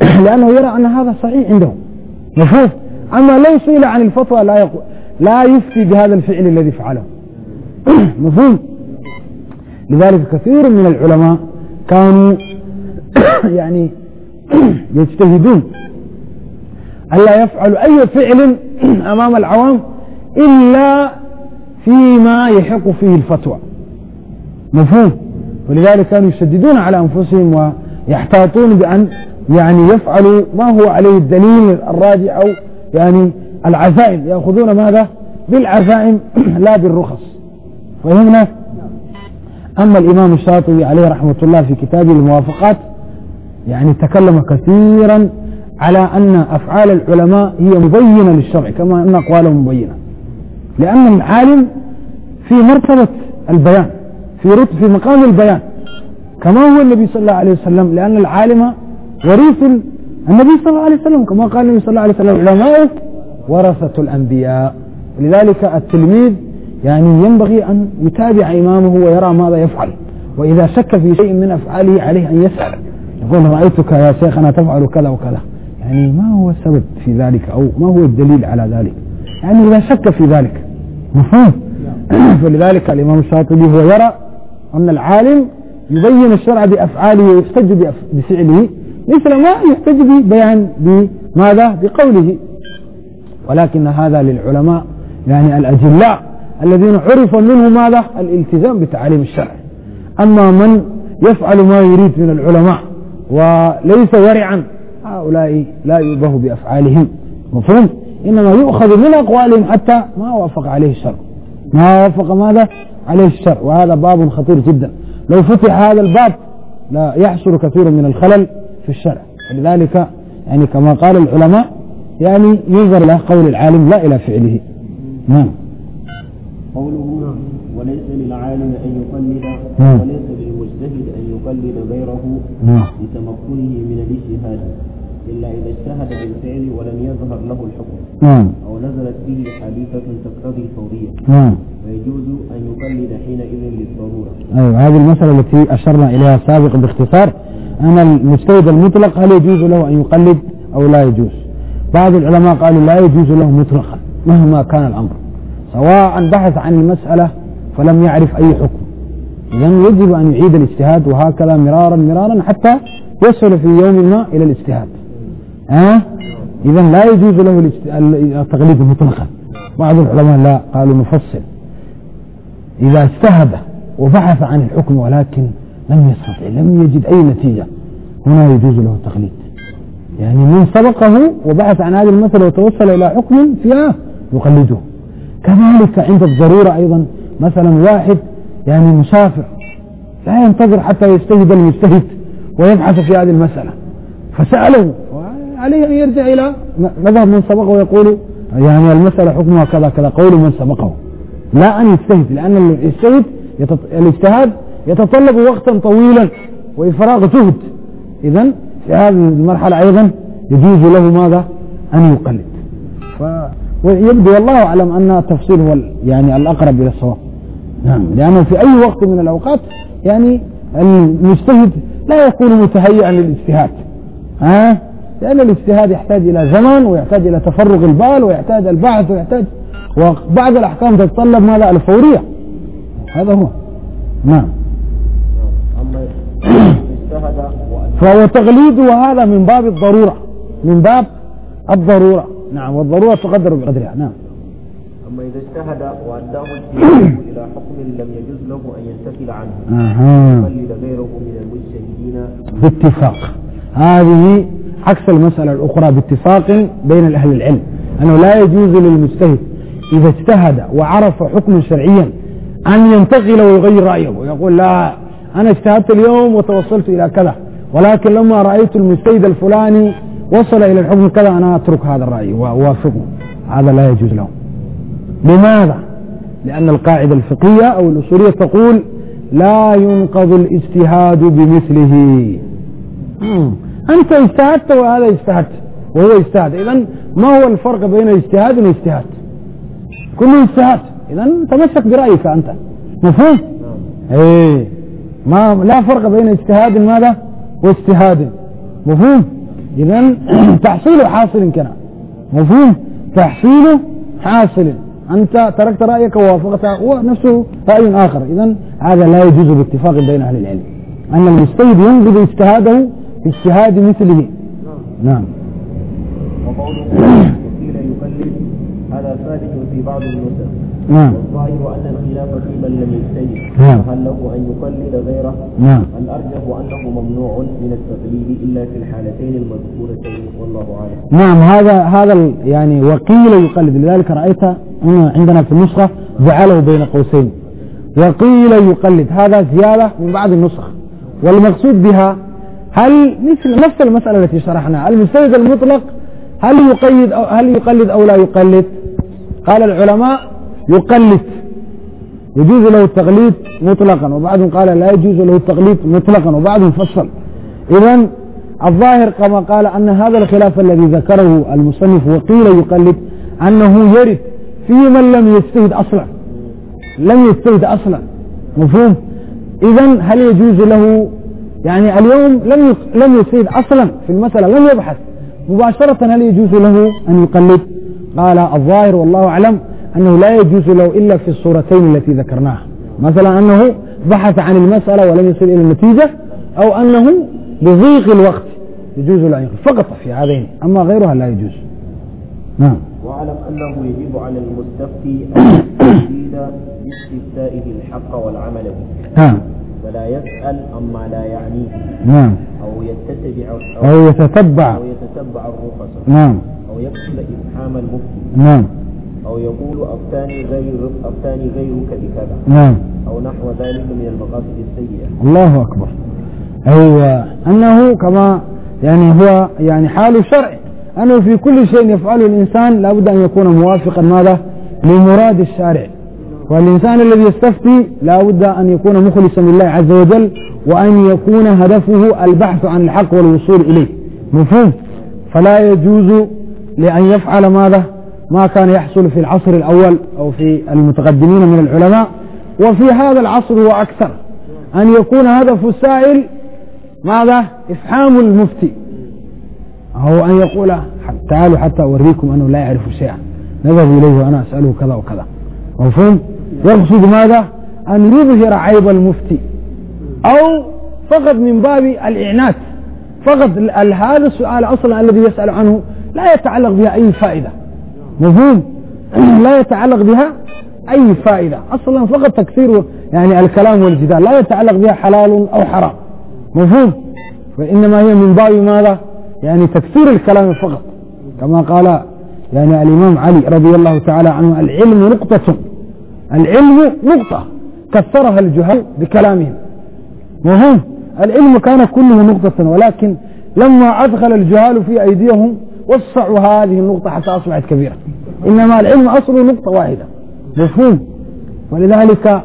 لأنه يرى أن هذا صحيح عنده مفهوم أما لو سئل عن الفتوى لا يقو... لا يفتي بهذا الفعل الذي فعله مفهوم لذلك كثير من العلماء كانوا يعني يجتهدون ألا يفعلوا أي فعل أمام العوام إلا فيما يحق فيه الفتوى مفهوم ولذلك كانوا يشددون على أنفسهم ويحتاطون بأن يعني يفعل ما هو عليه الدليل الراجع أو يعني العزائم يأخذون ماذا بالعزائم لا بالرخص فهمنا أما الإمام الشاطبي عليه رحمة الله في كتابه الموافقات يعني تكلم كثيرا على أن أفعال العلماء هي مبينة للشرع كما أن أقوالهم مبينة لأن العالم في مرتبة البيان في رتب في مقام البيان كما هو النبي صلى الله عليه وسلم لأن العالم وريث النبي صلى الله عليه وسلم كما قال النبي صلى الله عليه وسلم العلماء ورثة الأنبياء لذلك التلميذ يعني ينبغي أن يتابع إمامه ويرى ماذا يفعل وإذا شك في شيء من أفعاله عليه أن يسأل يقول رأيتك يا شيخنا تفعل كذا وكذا يعني ما هو السبب في ذلك أو ما هو الدليل على ذلك يعني إذا شك في ذلك مفهوم فلذلك الإمام الشاطبي هو يرى أن العالم يبين الشرع بأفعاله ويحتج بفعله مثل ما يحتج ببيان بماذا بقوله ولكن هذا للعلماء يعني الأجلاء الذين عرف منهم ماذا الالتزام بتعاليم الشرع أما من يفعل ما يريد من العلماء وليس ورعا هؤلاء لا يؤبه بأفعالهم مفهوم إنما يؤخذ من أقوالهم حتى ما وافق عليه الشرع ما وافق ماذا عليه الشرع وهذا باب خطير جدا لو فتح هذا الباب لا يحصل كثير من الخلل في الشرع لذلك يعني كما قال العلماء يعني ينظر إلى قول العالم لا إلى فعله نعم قوله نعم. وليس للعالم أن يقلد نعم. وليس للمجتهد أن يقلد غيره نعم. لتمكنه من الاجتهاد إلا إذا اجتهد بالفعل ولم يظهر له الحكم نعم أو نزلت به حديثة تقتضي الفورية نعم فيجوز أن يقلد حينئذ للضرورة أيوة هذه المسألة التي أشرنا إليها سابقا باختصار أنا المجتهد المطلق هل يجوز له أن يقلد أو لا يجوز بعض العلماء قالوا لا يجوز له مطلقا مهما كان الأمر سواء بحث عن المسألة فلم يعرف أي حكم إذا يجب أن يعيد الاجتهاد وهكذا مرارا مرارا حتى يصل في يوم ما إلى الاجتهاد أه؟ إذا لا يجوز له التقليد مطلقا بعض العلماء لا قالوا مفصل إذا اجتهد وبحث عن الحكم ولكن لم يستطع لم يجد أي نتيجة هنا يجوز له التقليد يعني من سبقه وبحث عن هذه المسألة وتوصل إلى حكم فيها يقلده كذلك عند الضرورة أيضا مثلا واحد يعني مسافر لا ينتظر حتى يجتهد المجتهد ويبحث في هذه المسألة فسأله عليه أن يرجع إلى مذهب من سبقه ويقول يعني المسألة حكمها كذا كذا قول من سبقه لا أن يجتهد لأن الاجتهاد يتطلب وقتا طويلا وإفراغ جهد إذا في هذه المرحلة أيضا يجوز له ماذا أن يقلد ف... ويبدو والله أعلم أن التفصيل هو يعني الأقرب إلى الصواب نعم لأنه في أي وقت من الأوقات يعني المجتهد لا يكون متهيئا للاجتهاد ها لأن الاجتهاد يحتاج إلى زمن ويحتاج إلى تفرغ البال ويحتاج البحث ويحتاج وبعض الأحكام تتطلب ماذا الفورية هذا هو نعم فهو تغليد هذا من باب الضرورة من باب الضرورة نعم والضرورة تقدر بقدرها نعم أما إذا اجتهد وأداه إلى حكم لم يجوز له أن ينتقل عنه يقلد غيره من المجتهدين باتفاق هذه عكس المسألة الأخرى باتفاق بين أهل العلم أنه لا يجوز للمجتهد إذا اجتهد وعرف حكما شرعيا أن ينتقل ويغير رأيه ويقول لا أنا اجتهدت اليوم وتوصلت إلى كذا ولكن لما رأيت المستيد الفلاني وصل إلى الحكم كذا أنا أترك هذا الرأي وأوافقه هذا لا يجوز له لماذا؟ لأن القاعدة الفقهية أو الأصولية تقول لا ينقض الاجتهاد بمثله أنت اجتهدت وهذا اجتهدت وهو اجتهد إذا ما هو الفرق بين اجتهاد واجتهاد كله اجتهاد إذا تمسك برأيك أنت مفهوم؟ نعم. ايه ما لا فرق بين اجتهاد ماذا واجتهاد مفهوم إذا تحصيله حاصل كان مفهوم تحصيله حاصل أنت تركت رأيك ووافقت ونفسه رأي آخر إذا هذا لا يجوز باتفاق بين أهل العلم أن المجتهد ينقض اجتهاده باجتهاد اجتهاد مثله نعم وقوله قيل يكلف هذا ثابت في بعض النسخ نعم والظاهر أن الخلاف في من لم يجتهد نعم هل له أن يقلد غيره نعم الأرجح أنه ممنوع من التقليد إلا في الحالتين المذكورتين والله أعلم نعم هذا هذا يعني وقيل يقلد لذلك رأيت عندنا في النسخة جعله بين قوسين وقيل يقلد هذا زيادة من بعض النسخ والمقصود بها هل مثل نفس المسألة التي شرحناها المستند المطلق هل يقيد أو هل يقلد أو لا يقلد قال العلماء يقلد يجوز له التقليد مطلقا وبعضهم قال لا يجوز له التقليد مطلقا وبعضهم فصل إذا الظاهر كما قال أن هذا الخلاف الذي ذكره المصنف وقيل يقلد أنه يرد في من لم يجتهد أصلا لم يجتهد أصلا مفهوم إذا هل يجوز له يعني اليوم لم لم يجتهد أصلا في المسألة لم يبحث مباشرة هل يجوز له أن يقلد قال الظاهر والله أعلم أنه لا يجوز له إلا في الصورتين التي ذكرناها مثلا أنه بحث عن المسألة ولم يصل إلى النتيجة أو أنه بضيق الوقت يجوز له أن فقط في هذين أما غيرها لا يجوز نعم واعلم أنه يجب على المستفتي أن يستفيد باستفتائه الحق والعمل به نعم ولا يسأل عما لا يعنيه نعم أو يتتبع أو, أو يتتبع أو يتتبع الرخص نعم أو يقتل إبحام المفتي نعم أو يقول أفتاني غير أفتاني غيرك بكذا نعم أو نحو ذلك من المقاصد السيئة الله أكبر أي أيوة. أنه كما يعني هو يعني حال الشرع أنه في كل شيء يفعله الإنسان لابد أن يكون موافقا ماذا لمراد الشارع والإنسان الذي يستفتي لابد أن يكون مخلصا لله عز وجل وأن يكون هدفه البحث عن الحق والوصول إليه مفهوم فلا يجوز لأن يفعل ماذا ما كان يحصل في العصر الأول أو في المتقدمين من العلماء وفي هذا العصر وأكثر أن يكون هدف السائل ماذا إفحام المفتي أو أن يقول تعالوا حتى أوريكم أنه لا يعرف شيئا نذهب إليه وأنا أسأله كذا وكذا مفهوم يقصد ماذا أن يظهر عيب المفتي أو فقط من باب الإعنات فقط هذا السؤال أصلا الذي يسأل عنه لا يتعلق بها أي فائدة مفهوم لا يتعلق بها أي فائدة أصلا فقط تكثير يعني الكلام والجدال لا يتعلق بها حلال أو حرام مفهوم وإنما هي من باب ماذا يعني تكثير الكلام فقط كما قال يعني الإمام علي رضي الله تعالى عنه العلم نقطة العلم نقطة كثرها الجهل بكلامهم مهم العلم كان كله نقطة ولكن لما أدخل الجهال في أيديهم وسعوا هذه النقطة حتى أصبحت كبيرة إنما العلم أصله نقطة واحدة مفهوم ولذلك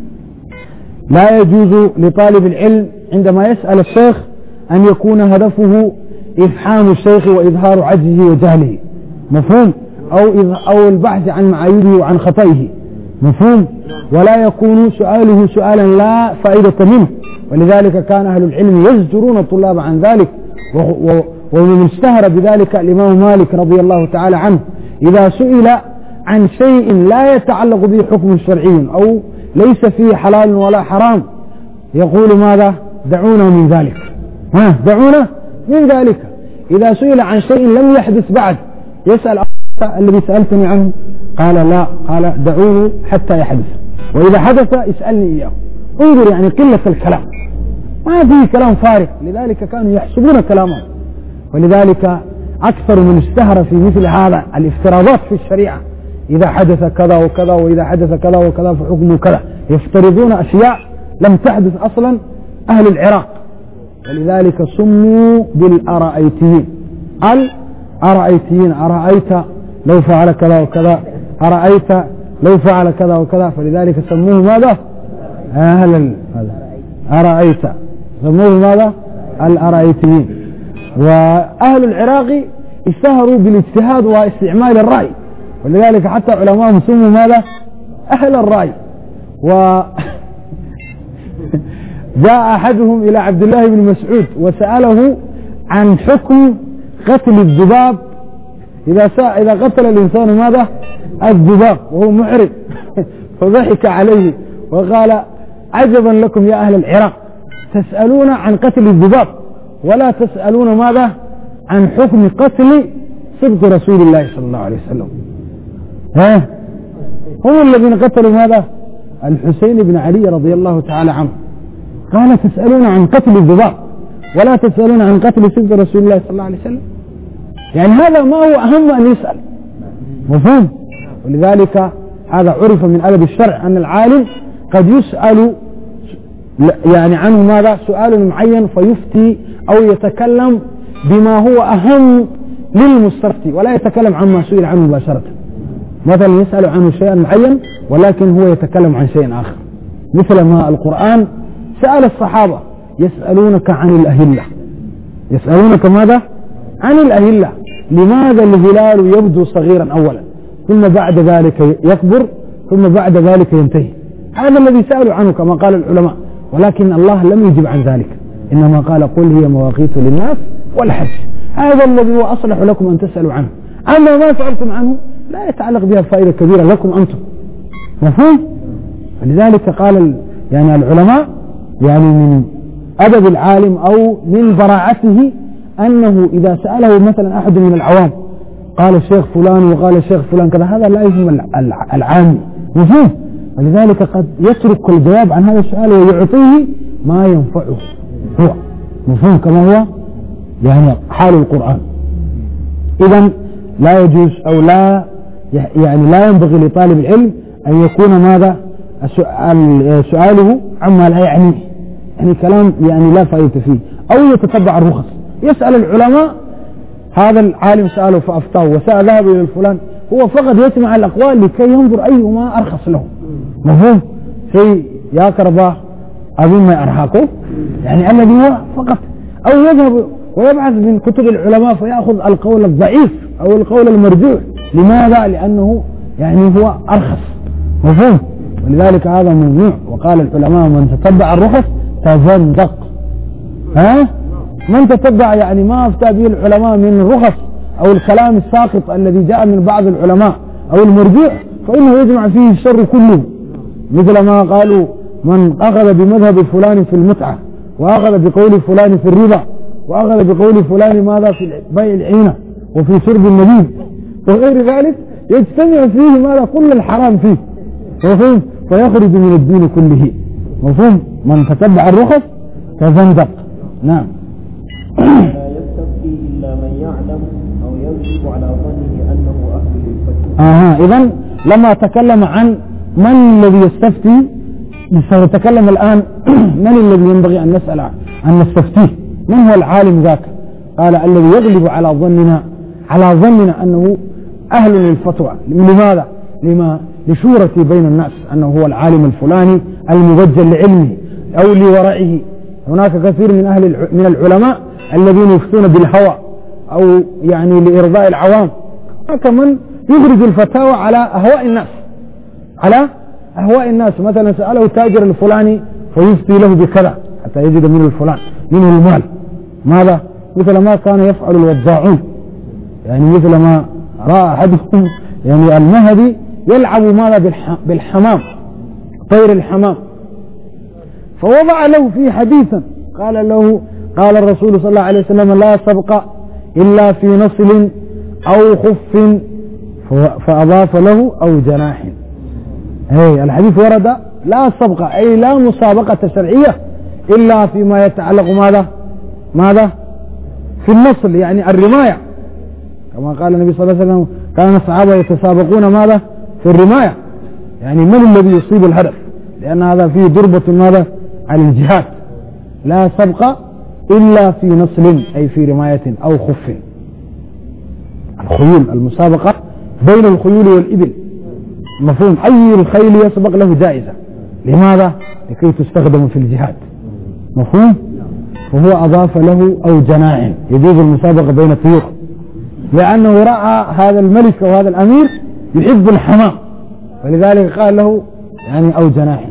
لا يجوز لطالب العلم عندما يسأل الشيخ أن يكون هدفه إفحام الشيخ وإظهار عجزه وجهله مفهوم أو أو البحث عن معاييره وعن خطئه مفهوم ولا يكون سؤاله سؤالا لا فائدة منه ولذلك كان أهل العلم يزجرون الطلاب عن ذلك ومن اشتهر بذلك الإمام مالك رضي الله تعالى عنه إذا سئل عن شيء لا يتعلق به حكم شرعي أو ليس فيه حلال ولا حرام يقول ماذا دعونا من ذلك ها دعونا من ذلك إذا سئل عن شيء لم يحدث بعد يسأل الذي سألتني عنه قال لا قال دعوني حتى يحدث وإذا حدث اسألني إياه انظر يعني قلة الكلام ما فيه كلام فارغ لذلك كانوا يحسبون كلامهم ولذلك أكثر من اشتهر في مثل هذا الافتراضات في الشريعة إذا حدث كذا وكذا وإذا حدث كذا وكذا فحكمه كذا يفترضون أشياء لم تحدث أصلا أهل العراق ولذلك سموا بالأرأيتيين الأرأيتيين أرأيت لو فعل كذا وكذا أرأيت لو فعل كذا وكذا فلذلك سموه ماذا أهل أرأيت سموه ماذا الأرأيتيين وأهل العراق اشتهروا بالاجتهاد واستعمال الرأي ولذلك حتى علماءهم سموا ماذا أهل الرأي و جاء أحدهم إلى عبد الله بن مسعود وسأله عن حكم قتل الذباب إذا سا... إذا قتل الإنسان ماذا الذباب وهو معرض فضحك عليه وقال عجبا لكم يا أهل العراق تسألون عن قتل الذباب ولا تسألون ماذا عن حكم قتل صدق رسول الله صلى الله عليه وسلم ها هم الذين قتلوا ماذا الحسين بن علي رضي الله تعالى عنه قال تسألون عن قتل الضباء ولا تسألون عن قتل صدق رسول الله صلى الله عليه وسلم يعني هذا ما هو أهم أن يسأل مفهوم ولذلك هذا عرف من أدب الشرع أن العالم قد يسأل يعني عنه ماذا سؤال معين فيفتي أو يتكلم بما هو أهم للمستفتي ولا يتكلم عما سئل عنه مباشرة مثلا يسأل عن شيء معين ولكن هو يتكلم عن شيء آخر مثل ما القرآن سأل الصحابة يسألونك عن الأهلة يسألونك ماذا؟ عن الأهلة لماذا الهلال يبدو صغيرا أولا ثم بعد ذلك يكبر ثم بعد ذلك ينتهي هذا الذي سألوا عنه كما قال العلماء ولكن الله لم يجب عن ذلك إنما قال قل هي مواقيت للناس والحج هذا الذي هو أصلح لكم أن تسألوا عنه أما ما سألتم عنه لا يتعلق بها فائدة كبيرة لكم أنتم مفهوم؟ ولذلك قال يعني العلماء يعني من أدب العالم أو من براعته أنه إذا سأله مثلا أحد من العوام قال الشيخ فلان وقال الشيخ فلان كذا هذا لا يهم العام مفهوم ولذلك قد يترك الجواب عن هذا السؤال ويعطيه ما ينفعه هو مفهوم كما هو يعني حال القرآن إذا لا يجوز أو لا يعني لا ينبغي لطالب العلم أن يكون ماذا سؤاله عما لا يعنيه يعني كلام يعني لا فائدة فيه أو يتتبع الرخص يسأل العلماء هذا العالم سأله فأفتاه وسأل ذهب إلى الفلان هو فقط يسمع الأقوال لكي ينظر أيهما أرخص له مفهوم في يا كرباه أظن أرهاقه يعني الذي هو فقط أو يذهب ويبحث من كتب العلماء فيأخذ القول الضعيف أو القول المرجوع لماذا؟ لأنه يعني هو أرخص مفهوم ولذلك هذا ممنوع وقال العلماء من تتبع الرخص تزندق ها؟ من تتبع يعني ما أفتى به العلماء من الرخص أو الكلام الساقط الذي جاء من بعض العلماء أو المرجوع فإنه يجمع فيه الشر كله مثل ما قالوا من أخذ بمذهب فلان في المتعة وأخذ بقول فلان في الربا وأخذ بقول فلان ماذا في بيع العينة وفي شرب النبيذ وغير ذلك يجتمع فيه ماذا كل الحرام فيه مفهوم فيخرج من الدين كله مفهوم من تتبع الرخص تزندق نعم لا يستفتي إلا من يعلم أو يغلب على ظنه إذا لما تكلم عن من الذي يستفتي سنتكلم الآن من الذي ينبغي أن نسأل أن نستفتيه من هو العالم ذاك قال الذي يغلب على ظننا على ظننا أنه أهل للفتوى لماذا لما لشورة بين الناس أنه هو العالم الفلاني المبجل لعلمه أو لورعه هناك كثير من أهل من العلماء الذين يفتون بالهوى أو يعني لإرضاء العوام هناك من يخرج الفتاوى على أهواء الناس على أهواء الناس مثلا سأله التاجر الفلاني فيفتي له بكذا حتى يجد من الفلان منه المال ماذا مثل ما كان يفعل الوضاعون يعني مثل ما رأى أحدهم يعني المهدي يلعب ماذا بالحمام طير الحمام فوضع له في حديثا قال له قال الرسول صلى الله عليه وسلم لا سبق إلا في نصل أو خف فأضاف له أو جناح أي الحديث ورد لا سبقة أي لا مسابقة شرعية إلا فيما يتعلق ماذا ماذا في النصل يعني الرماية كما قال النبي صلى الله عليه وسلم كان الصحابة يتسابقون ماذا في الرماية يعني من الذي يصيب الهدف لأن هذا فيه ضربة ماذا على الجهاد لا سبق إلا في نصل أي في رماية أو خف الخيول المسابقة بين الخيول والإبل مفهوم أي الخيل يسبق له جائزة لماذا؟ لكي تستخدم في الجهاد مفهوم؟ وهو أضاف له أو جناح يجوز المسابقة بين الطيور لأنه رأى هذا الملك أو هذا الأمير يحب الحمام فلذلك قال له يعني أو جناح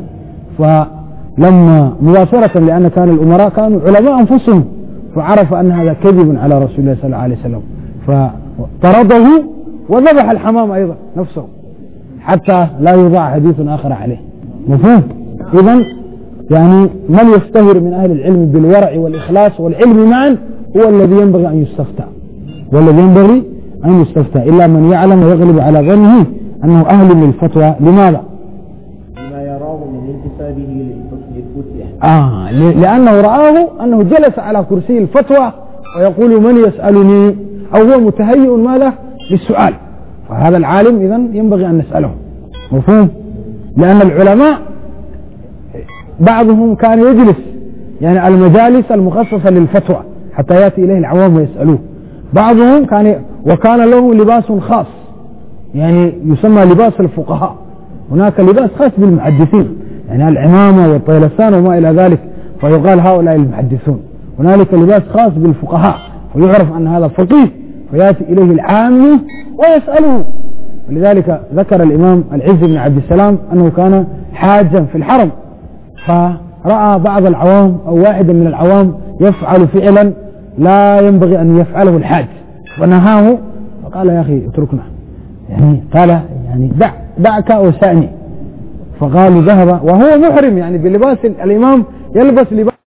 فلما مباشرة لأن كان الأمراء كانوا علماء أنفسهم فعرف أن هذا كذب على رسول الله صلى الله عليه وسلم فطرده وذبح الحمام أيضا نفسه حتى لا يضاع حديث آخر عليه مفهوم إذا يعني من يشتهر من أهل العلم بالورع والإخلاص والعلم معا هو الذي ينبغي أن يستفتى والذي ينبغي أن يستفتى إلا من يعلم ويغلب على ظنه أنه أهل للفتوى لماذا؟ لما يراه من انتسابه للفتوى آه لأنه رآه أنه جلس على كرسي الفتوى ويقول من يسألني أو هو متهيئ ماله للسؤال وهذا العالم إذا ينبغي أن نسأله مفهوم لأن العلماء بعضهم كان يجلس يعني المجالس المخصصة للفتوى حتى يأتي إليه العوام ويسألوه بعضهم كان وكان له لباس خاص يعني يسمى لباس الفقهاء هناك لباس خاص بالمحدثين يعني العمامة والطيلسان وما إلى ذلك فيقال هؤلاء المحدثون هنالك لباس خاص بالفقهاء ويعرف أن هذا فقيه فيأتي إليه العام ويسأله ولذلك ذكر الإمام العز بن عبد السلام أنه كان حاجا في الحرم فرأى بعض العوام أو واحدا من العوام يفعل فعلا لا ينبغي أن يفعله الحاج فنهاه فقال يا أخي اتركنا يعني قال يعني دع دعك وسأني فقالوا ذهب وهو محرم يعني بلباس الإمام يلبس لباس